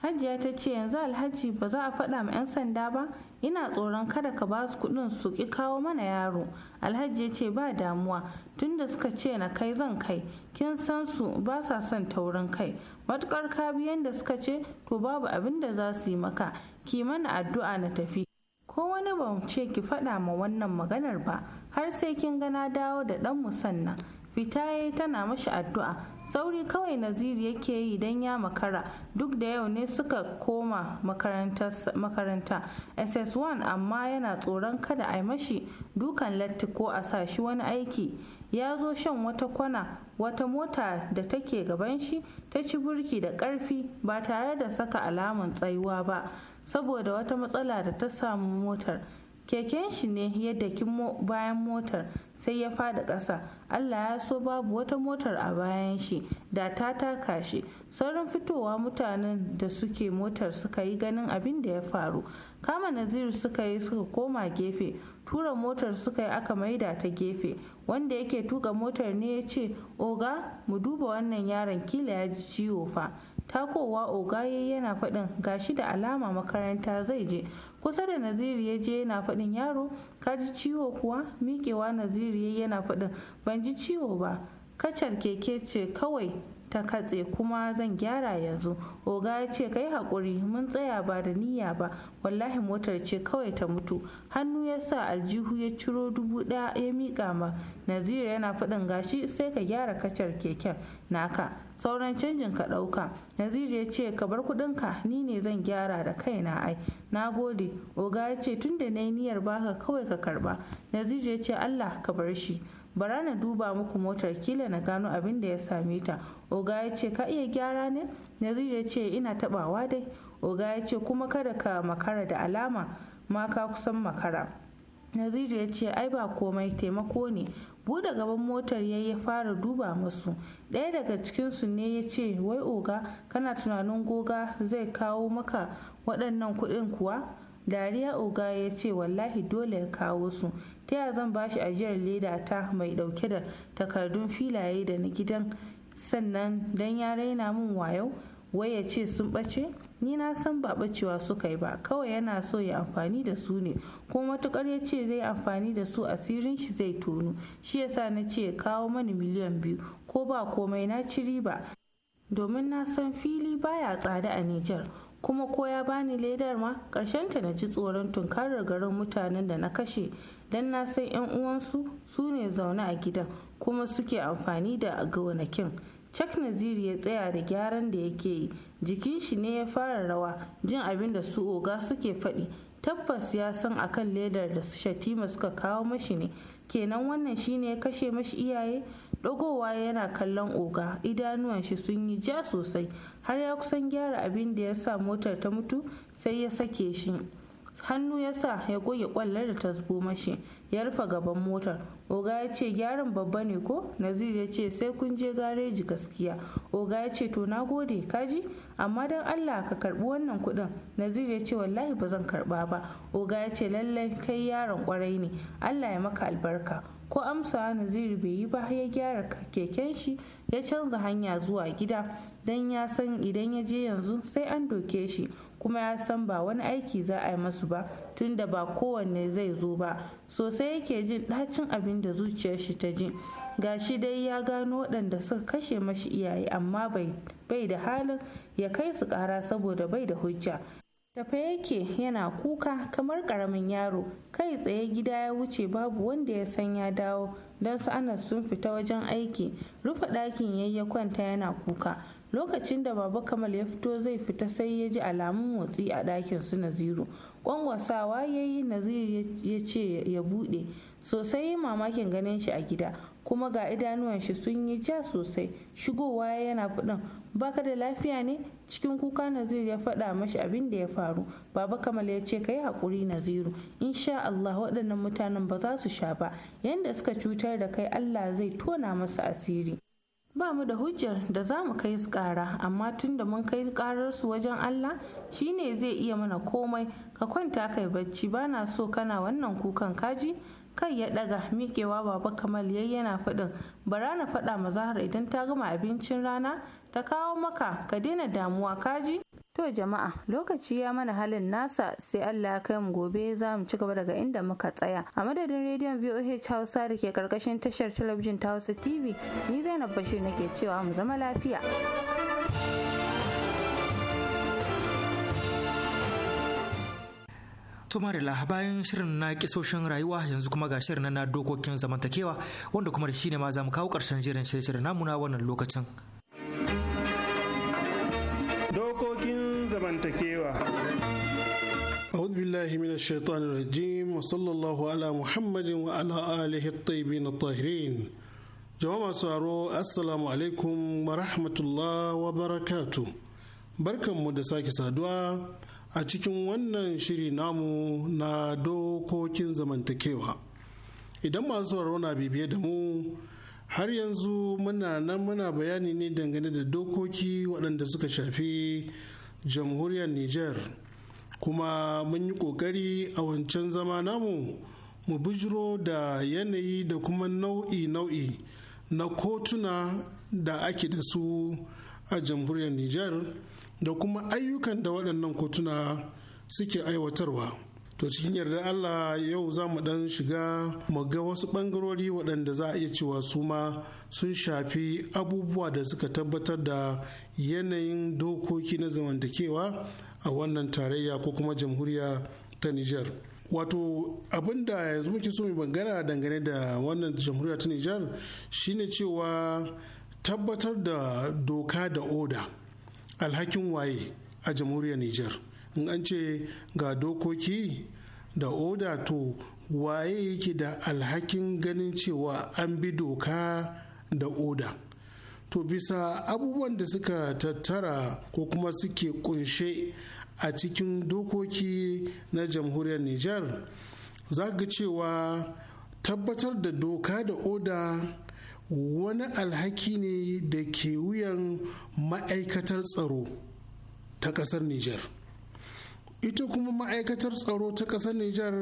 hajiya ta ce yanzu alhaji ba za a faɗa ma 'yan sanda ba ina tsoron kada ka ba su kuɗin su ki kawo mana yaro alhaji ya ce ba damuwa tunda suka ce na kai zan kai kin san su ba sa son taurin kai matukar ka biyan da suka ce to babu abin da za su yi maka ki mana addu'a na tafi ko wani ba ce ki faɗa ma wannan maganar ba har sai kin gana dawo da ɗanmu sannan fita yayi tana mashi addu'a sauri kawai naziri yake yi don ya makara duk da yau ne suka koma makaranta ss1 amma yana tsoron kada a mashi dukan latti ko a sa shi wani aiki ya zo shan wata kwana wata mota da take gaban shi ta ci burki da karfi ba tare da saka alamun tsayuwa ba saboda wata matsala da ta samu motar keken shi ne ya daki bayan motar sai ya fada ƙasa allah ya so babu wata motar a bayan shi da ta taka shi saurin fitowa mutanen da suke motar suka yi ganin abin da ya faru kama naziru suka yi suka koma gefe tura motar suka yi aka maida ta gefe wanda yake tuka motar ne ya ce oga mu duba wannan yaron kila ya ji ciwo fa takowa oga yana faɗin gashi da alama makaranta zai je kusa da naziru ya je yana faɗin yaro ka ji ciwo kuwa miƙewa naziru yana faɗin ban ji ciwo ba kacar keke ce kawai ta katse kuma zan gyara yanzu oga ya ce kai haƙuri mun tsaya ba da niyya ba wallahi motar ce kawai ta mutu hannu ya sa aljihu ya ciro dubu ɗaya ya miƙa ma naziru yana faɗin gashi sai ka gyara kacar keken naka sauran canjin ka ɗauka naziru ya ce ka bar kuɗinka ni ne zan gyara da kaina ai na gode oga ya ce tun da na yi niyyar baka kawai ka karɓa naziru ya ce allah ka bar shi bara na duba muku motar kila na gano abin da ya same ta oga ya ce ka iya gyara ne na ya ce ina tabawa dai oga ya ce kuma kada ka makara da alama ma ka kusan makara naziru ya ce ai ba komai taimako ne buɗe gaban motar ya ya fara duba masu ɗaya daga cikinsu ne ya ce wai oga kana tunanin goga zai kawo maka waɗannan kuɗin kuwa dariya oga ya ce wallahi dole ya kawo su ta ya zan shi ajiyar leda ta mai dauke da takardun filaye da na gidan sannan dan ya raina min wayo wai ya ce sun bace ni na san ba bacewa suka yi ba kawai yana so ya amfani da su ne ko matukar ya ce zai amfani da su asirin shi zai tono shi yasa na ce kawo mani miliyan biyu ko ba komai na ci riba domin na san fili baya tsada a Nijar kuma ko ya bani ledar ma ta na ji tsoron tunkarar garin mutanen da na kashe don na san 'yan uwansu su ne zaune a gidan kuma suke amfani da gonakin chak Naziri ya tsaya da gyaran da yake yi jikin shi ne ya fara rawa jin abin da su oga suke faɗi tabbas ya san akan ledar da su shatima suka kawo mashi ne kenan wannan shine ya kashe mashi iyaye dagowa yana kallon oga idanuwan shi sun yi ja sosai har ya kusan gyara abin da ya sa motar ta mutu sai ya sake shi hannu ya sa ya goge kwallar da ta zubo mashi ya rufe gaban motar oga ya ce gyaran babba ne ko nazir ya ce sai kun je gareji gaskiya oga ya ce to na gode kaji amma don allah ka karbi wannan kudin nazir ya ce wallahi ba zan karba ba oga ya ce lallai kai yaron kwarai ne allah ya maka albarka ko amsa naziru bai yi ba ya gyara keken shi ya canza hanya zuwa gida don ya san idan ya je yanzu sai an doke shi kuma ya san ba wani aiki za a yi masu ba tunda ba kowanne zai zo ba sosai yake jin ɗacin abin da zuciyar shi ta ji gashi dai ya gano waɗanda suka kashe mashi iyaye amma bai da halin ya kai su ƙara saboda bai da hujja tafe yake yana kuka kamar karamin yaro kai tsaye gida ya wuce babu wanda ya san ya dawo don su anas sun fita wajen aiki rufe ɗakin yayi ya kwanta yana kuka lokacin da baba kamal ya fito zai fita sai ya ji alamun motsi a ɗakin su naziru ƙwanƙwasawa ya yi naziru ya ce ya buɗe sosai yi mamakin ganin shi a gida kuma ga idanuwan shi sun yi ja sosai shigowa yana fudin baka da lafiya ne cikin kuka naziru ya faɗa mashi abin da ya faru baba kamal ya ce ka yi haƙuri naziru insha allah waɗannan mutanen ba za su sha ba yanda suka cutar da kai allah zai tona masu asiri ba mu da hujjar da za mu kai su ƙara amma tun da mun kai ƙarar su wajen Allah shine zai iya mana komai ka kwanta kai bacci bana so kana wannan kukan kaji kai ya ɗaga miƙewa baba kamal yayi yana faɗin bara na faɗa ma zahra idan ta gama abincin rana ta kawo maka ka daina damuwa kaji to jama'a lokaci ya mana halin nasa sai allah ya kai mu gobe za mu ci gaba daga inda muka tsaya a madadin rediyon voh hausa da ke karkashin tashar talabijin ta hausa tv ni zainab bashir nake cewa mu zama lafiya da bayan shirin na kisoshin rayuwa yanzu kuma ga shirin na dokokin zamantakewa wanda kuma da shi ne ma za mu kawo ƙarshen jiran shirye-shiryen namu wannan lokacin. Dokokin zamantakewa. أعوذ بالله من الشيطان الرجيم وصلى الله على محمد وعلى آله الطيبين الطاهرين جماعة سارو السلام عليكم ورحمة الله وبركاته بركة مدساك سادوا a cikin wannan shiri namu na dokokin zamantakewa idan masu sauraro na bibiye da mu har yanzu muna nan muna bayani ne dangane da dokoki waɗanda suka shafi jamhuriyar niger kuma mun yi ƙoƙari a wancan zama namu mu bujiro da yanayi da kuma nau'i-nau'i na kotuna da ake da su a jamhuriyar niger da kuma ayyukan da waɗannan kotuna suke aiwatarwa to cikin yarda Allah yau za mu dan shiga mu ga wasu bangarori waɗanda za a iya cewa su ma sun shafi abubuwa da suka tabbatar da yanayin dokoki na zamantakewa a wannan tarayya ko kuma jamhuriya ta Nijar. wato abin da yanzu muke so mu bangara dangane da wannan jamhuriya ta Nijar shine cewa tabbatar da doka da oda alhakin waye a jamhuriyar Nijar in an ce ga dokoki da oda to waye yake da alhakin ganin cewa an bi doka da oda to bisa abubuwan da suka tattara ko kuma suke kunshe a cikin dokoki na jamhuriyar Nijar? za ga cewa tabbatar da doka da oda wani alhaki ne da ke wuyan ma'aikatar tsaro ta kasar Nijar. Ita kuma ma'aikatar tsaro ta kasar Nijar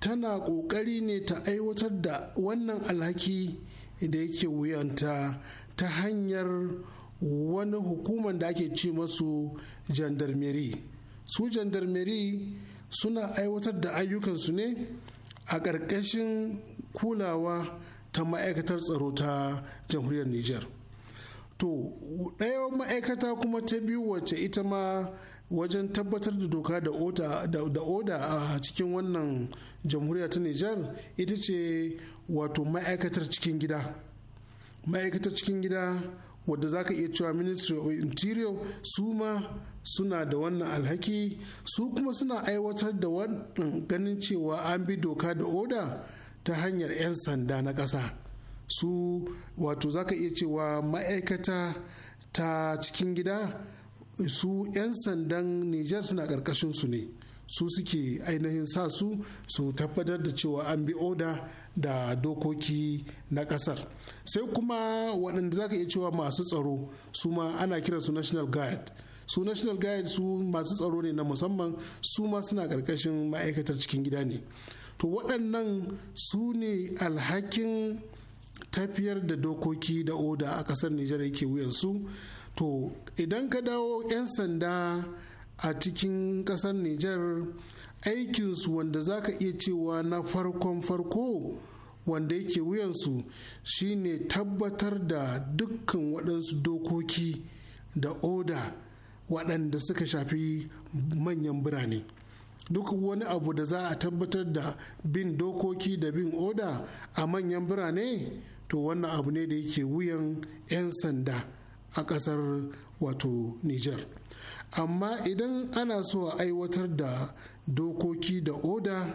tana ƙoƙari ne ta aiwatar da wannan alhaki da yake wuyanta ta hanyar wani hukumar da ake ce masu jandarmeri. Su jandarmeri suna aiwatar da ayyukansu ne a ƙarƙashin kulawa ta ma'aikatar tsaro ta jamhuriyar niger to ɗaya ma'aikata kuma ta biyu wacce ita ma wajen tabbatar da doka da oda a cikin wannan jamhuriya ta niger ita ce wato ma'aikatar cikin gida ma'aikatar cikin gida wadda za ka iya cewa ministry of interior su ma suna da wannan alhaki su kuma suna aiwatar da wannan ganin cewa an bi doka da oda ta hanyar 'yan sanda na ƙasa su wato ka iya cewa ma'aikata ta cikin gida su 'yan sandan Nijar suna ƙarƙashin su ne su suke ainihin sa su su tabbatar da cewa an bi oda da dokoki na ƙasar sai kuma waɗanda za ka iya cewa masu tsaro su ma ana su national guard su national guard su masu tsaro ne na musamman su ma suna ƙarƙashin ma'aikatar cikin gida ne to waɗannan su ne alhakin tafiyar da dokoki da oda a ƙasar nijar yake wuyansu to idan ka dawo 'yan sanda a cikin ƙasar nijar aikinsu wanda za ka iya cewa na farkon farko wanda yake wuyansu shine tabbatar da dukkan waɗansu dokoki da oda waɗanda suka shafi manyan birane duk wani abu da za a tabbatar da bin dokoki da bin oda a manyan birane to wannan abu ne da yake wuyan 'yan sanda a ƙasar wato niger amma idan ana so a aiwatar da dokoki da oda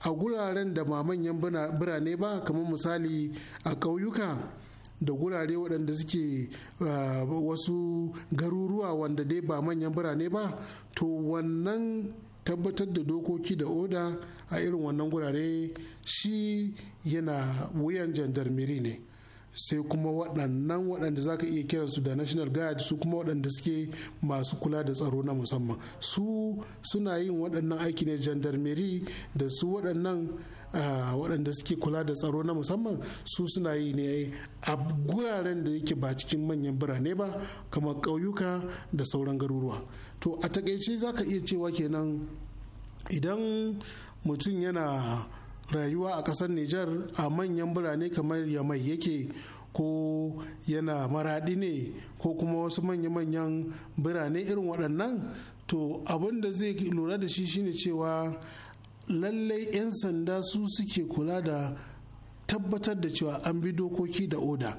a guraren da ba manyan birane ba kamar misali a ƙauyuka da gurare waɗanda suke ah, wasu garuruwa wanda dai ba manyan birane ba to wannan tabbatar da dokoki da oda a irin wannan gurare shi yana wuyan jandarmeri ne sai kuma waɗannan waɗanda za ka iya kiransu da national guard su kuma waɗanda suke masu kula da tsaro na musamman su suna yin waɗannan aiki ne jandarmeri da su waɗannan waɗanda suke kula da tsaro na musamman su suna yi ne a guraren da yake ba cikin manyan birane ba kamar ƙauyuka da sauran garuruwa to a takaice za ka iya cewa kenan idan mutum yana rayuwa a ƙasar Nijar a manyan birane kamar yamai yake ko yana maraɗi ne ko kuma wasu manya-manyan birane irin waɗannan to abin da zai lura da shi shine cewa lallai 'yan sanda su suke kula da tabbatar da cewa an bi dokoki da oda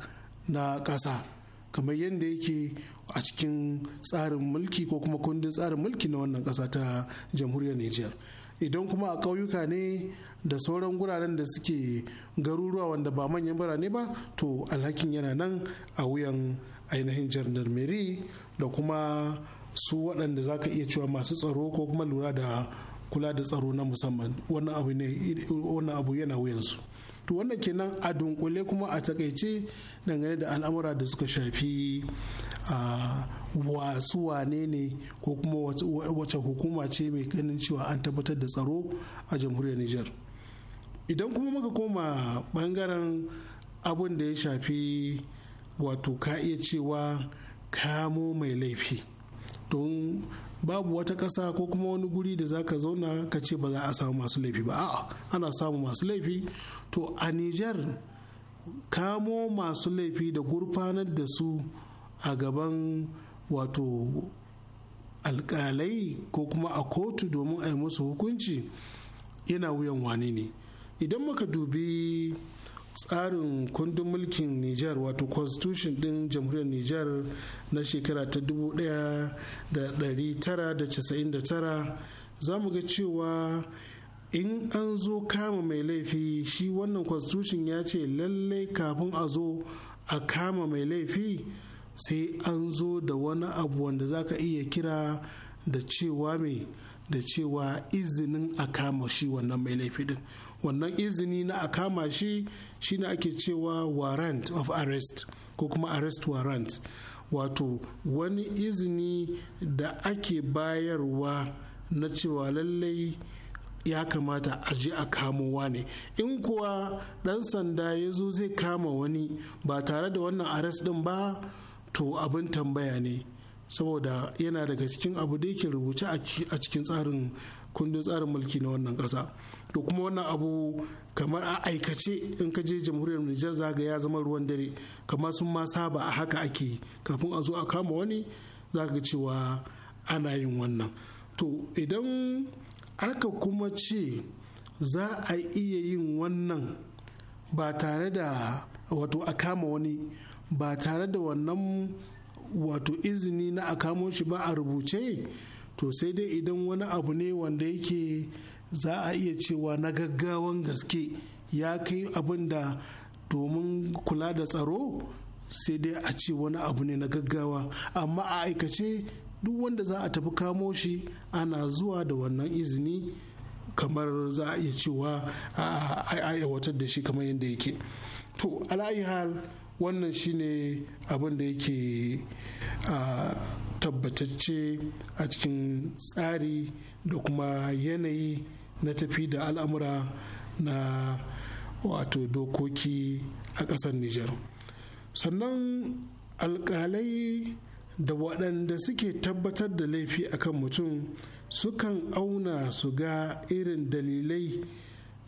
na ƙasa kamar yadda yake a cikin tsarin mulki ko kuma kundin tsarin mulki na wannan ƙasa ta jamhuriyar Niger. idan kuma a ƙauyuka ne da sauran guraren da suke garuruwa wanda ba manyan birane ba to alhakin yana nan a wuyan ainihin Mary da kuma su waɗanda za ka iya cewa masu tsaro ko kuma lura da kula da tsaro na musamman wannan abu ne wannan abu yana wuyansu to wannan kenan a dunkule kuma a takaice dangane da al'amura da suka shafi wasu wane ne ko kuma wace hukuma ce mai ganin cewa an tabbatar da tsaro a jamhuriyar niger idan kuma muka koma bangaren abin da ya shafi wato ka iya cewa kamo mai laifi don babu wata ƙasa ko kuma wani guri da zaka ka zauna ka ce ba za a samu masu laifi ba a'a ana samu masu laifi to a Nijar kamo masu laifi da gurfanar da su a gaban wato alkalai ko kuma a kotu domin a yi musu hukunci yana wuyan wane ne idan muka dubi tsarin kundin mulkin Nijar wato constitution din jamhuriyar Nijar na shekara ta 1999 za mu ga cewa in an zo kama mai laifi shi wannan constitution ya ce lallai kafin a zo a kama mai laifi sai an zo da wani abu wanda za ka iya kira da cewa mai da cewa izinin a kama shi wannan mai laifi din wannan izini na a kama shi shine ake cewa warrant of arrest ko kuma arrest warrant wato wani izini da ake bayarwa na cewa lallai ya kamata a je a kamowa ne in kuwa 'dan sanda ya zo zai kama wani ba tare da wannan arrest din ba to abin tambaya ne saboda yana daga cikin abu da yake rubuce a cikin tsarin kundin tsarin mulki na wannan ƙasa to kuma wannan abu kamar a aikace in ka je jamhuriyar Nijar zaga ya zama ruwan dare kamar sun ma saba a haka ake kafin a zo a kama wani zaga cewa ana yin wannan to idan aka kuma ce za a iya yin wannan ba tare da wato a kama wani ba tare da wannan wato izini na a kamo shi ba a rubuce to sai dai idan wani abu ne wanda yake za a iya cewa na gaggawan gaske ya kai abin da domin kula da tsaro sai dai a ce wani abu ne na gaggawa amma a aikace duk wanda za a tafi kamo shi ana zuwa da wannan izini kamar za a iya cewa a aiwatar da shi kamar yadda yake to hal wannan shine abin da yake a tabbatacce a cikin tsari da kuma yanayi na tafi da al'amura na wato dokoki a ƙasar Nijar. sannan alƙalai da waɗanda suke tabbatar da laifi a kan mutum sukan auna su ga irin dalilai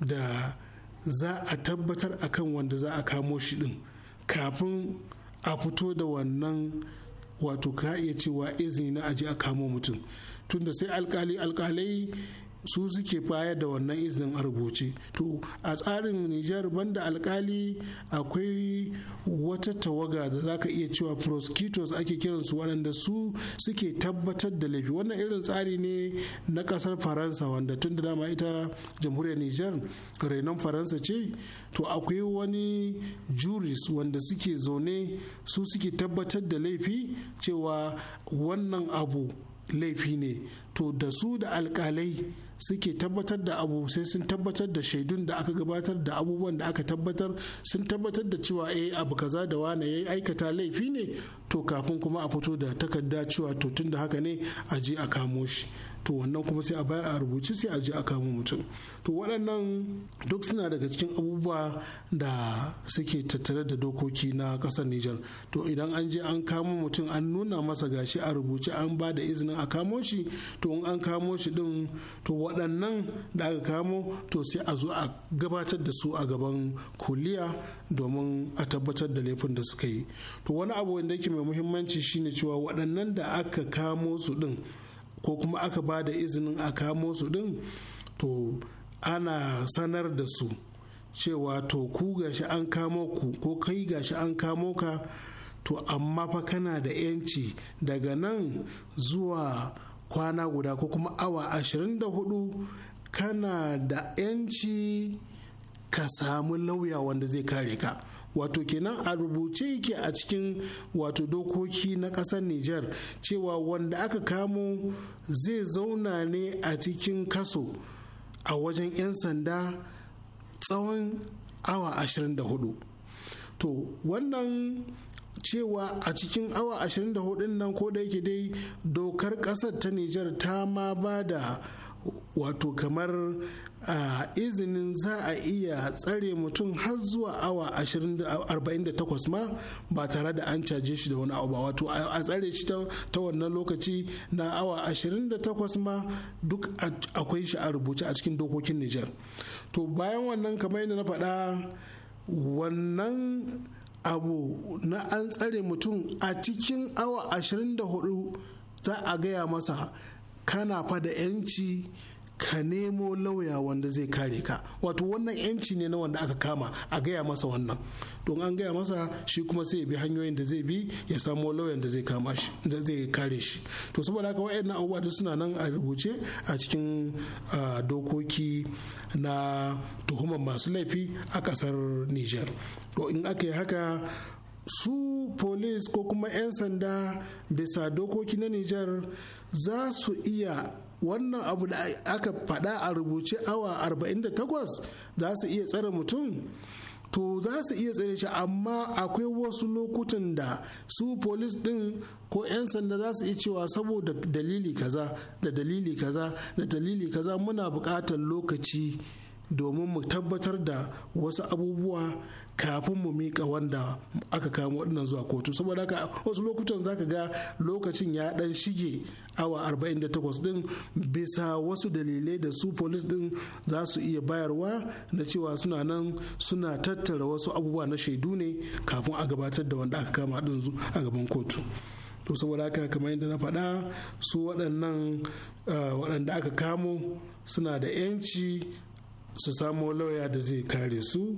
da za a tabbatar a kan wanda za a kamo shi ɗin kafin a fito da wannan wato ka iya cewa izini na aji a kamo mutum tunda sai alkali alkalai su suke bayar da wannan izinin a rubuce to a tsarin nijar banda alkali akwai wata tawaga da zaka iya cewa prosecutors ake kiransu waɗanda su suke tabbatar da laifi wannan irin tsari ne na ƙasar faransa wanda tun da dama ita jamhuriyar nijar renon faransa ce to akwai wani juris wanda suke zaune su suke tabbatar da laifi cewa wannan abu laifi ne to da su da alkalai suke tabbatar da abu sai sun tabbatar da shaidun da aka gabatar da abubuwan da aka tabbatar sun tabbatar da cewa eh abu kaza da wane ya aikata laifi ne to kafin kuma a fito da takarda cewa to tun da haka ne a je a kamo shi to wannan kuma sai a bayar a rubuce sai a je a kama mutum to waɗannan duk suna daga cikin abubuwa da suke tattare da dokoki na ƙasar Nijar to idan an je an kama mutum an nuna masa gashi a rubuce an ba da izinin a kamo shi to in an kamo shi din to waɗannan da aka kamo to sai a zo a gabatar da su a gaban kuliya domin a tabbatar da laifin da suka yi to wani abu wanda yake mai muhimmanci shine cewa waɗannan da aka kamo su din ko kuma aka ba da izinin a kamo su din to ana sanar da su cewa to ku gashi an kamo ku ko kai gashi an kamo ka to amma fa kana da 'yanci daga nan zuwa kwana guda ko kuma awa 24 kana da 'yanci ka samu lauya wanda zai kare ka wato kenan a rubuce yake a cikin wato dokoki na ƙasar Niger cewa wanda aka kamo zai zauna ne a cikin kaso a wajen 'yan sanda tsawon awa 24 to wannan cewa a cikin awa 24 nan ko da yake dai dokar ƙasar ta Niger ta ma ba da wato kamar a izinin za a iya tsare mutum har zuwa awa 48 ma ba tare da an caje shi da wani abu ba wato a tsare shi ta wannan lokaci na awa 28 ma duk akwai shi a rubuce a cikin dokokin Nijar. to bayan wannan kamar yadda na faɗa wannan abu na an tsare mutum a cikin awa 24 za a gaya masa kana fada yanci ka nemo lauya wanda zai kare ka wato wannan yanci ne na wanda aka kama a gaya masa wannan don an gaya masa shi kuma sai ya bi hanyoyin da zai bi ya samo lauyan da zai kama shi da zai kare shi to saboda haka wa'annan abubuwa da suna nan a rubuce a cikin dokoki na tuhumar masu laifi a kasar Niger to in aka yi haka su police ko kuma 'yan sanda bisa dokoki na Niger za su iya wannan abu da aka faɗa a rubuce awa 48 za su iya tsare mutum to za su iya tsare shi amma akwai wasu lokutan da su polis ɗin ko 'yan sanda za su iya cewa saboda dalili kaza da dalili kaza da dalili kaza muna buƙatar lokaci domin mu tabbatar da wasu abubuwa kafin mu mika wanda aka kama waɗannan zuwa kotu saboda haka wasu lokutan zaka ga lokacin ya dan shige awa 48 din bisa wasu dalilai da su polis din za su iya bayarwa na cewa suna nan suna tattara wasu abubuwa na shaidu ne kafin a gabatar da wanda aka kama din a gaban kotu to saboda haka kamar yadda na faɗa su waɗannan eh, waɗanda aka kamo suna da 'yanci su samo lauya da zai kare su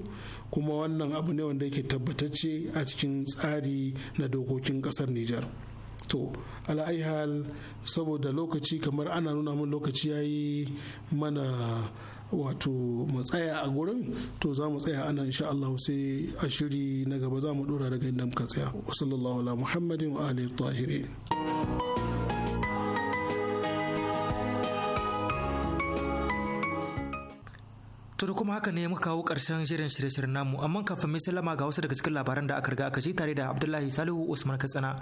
kuma wannan abu ne wanda yake tabbatacce a cikin tsari na dokokin kasar Nijar. To, ala'ihal saboda lokaci kamar ana nuna mun lokaci ya yi mana wato matsaya a gurin to za mu tsaya ana insha Allah sai a shiri na gaba za mu dora daga inda muka tsaya. Wasu ala Muhammadin wa alihi tahirin. To da kuma haka ne muka kawo ƙarshen shirin shirye-shiryen namu amma kafin mai salama ga wasu daga cikin labaran da aka riga aka ji tare da Abdullahi Salihu Usman Katsina.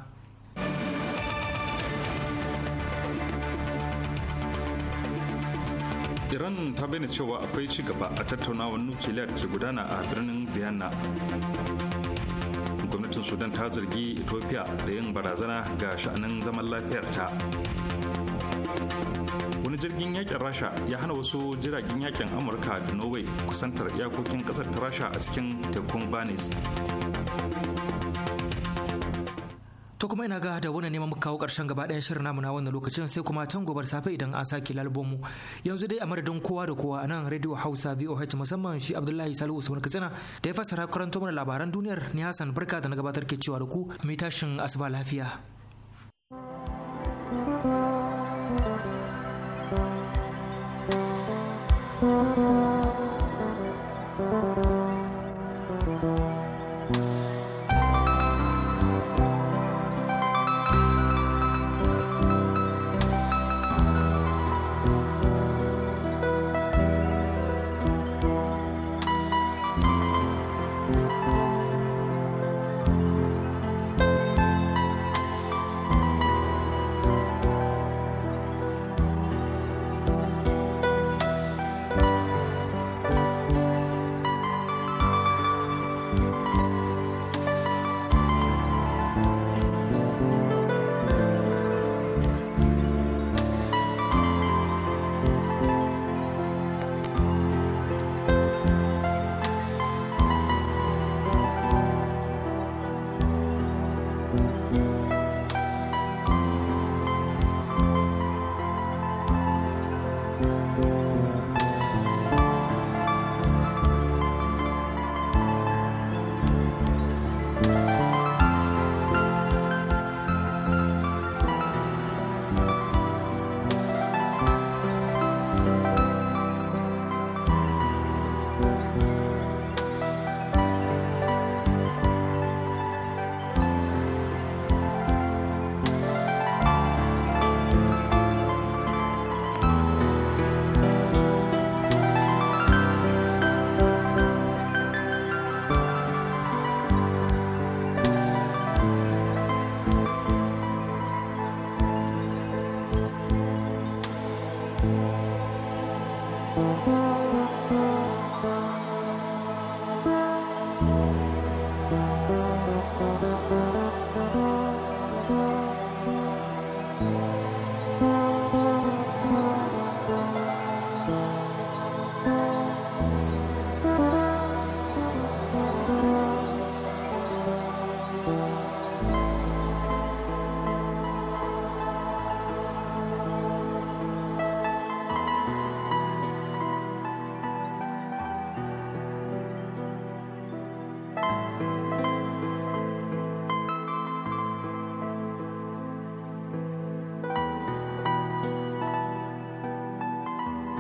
Iran ta bayyana cewa akwai ci gaba a tattaunawar nukiliya da ke gudana a birnin Vienna. Gwamnatin Sudan ta zargi Ethiopia da yin barazana ga sha'anin zaman lafiyarta. jirgin yakin rasha ya hana wasu jiragen yakin amurka da norway kusantar iyakokin kasar ta rasha a cikin tekun banis to kuma ina ga da wani neman kawo karshen gaba ɗayan shirin namu na wannan lokacin sai kuma can gobar safe idan an sake lalbomu yanzu dai a madadin kowa da kowa a nan radio hausa voh musamman shi abdullahi salihu usman katsina da ya fassara karanto mana labaran duniyar ni hassan barka da na gabatar ke cewa da ku mai tashin asuba lafiya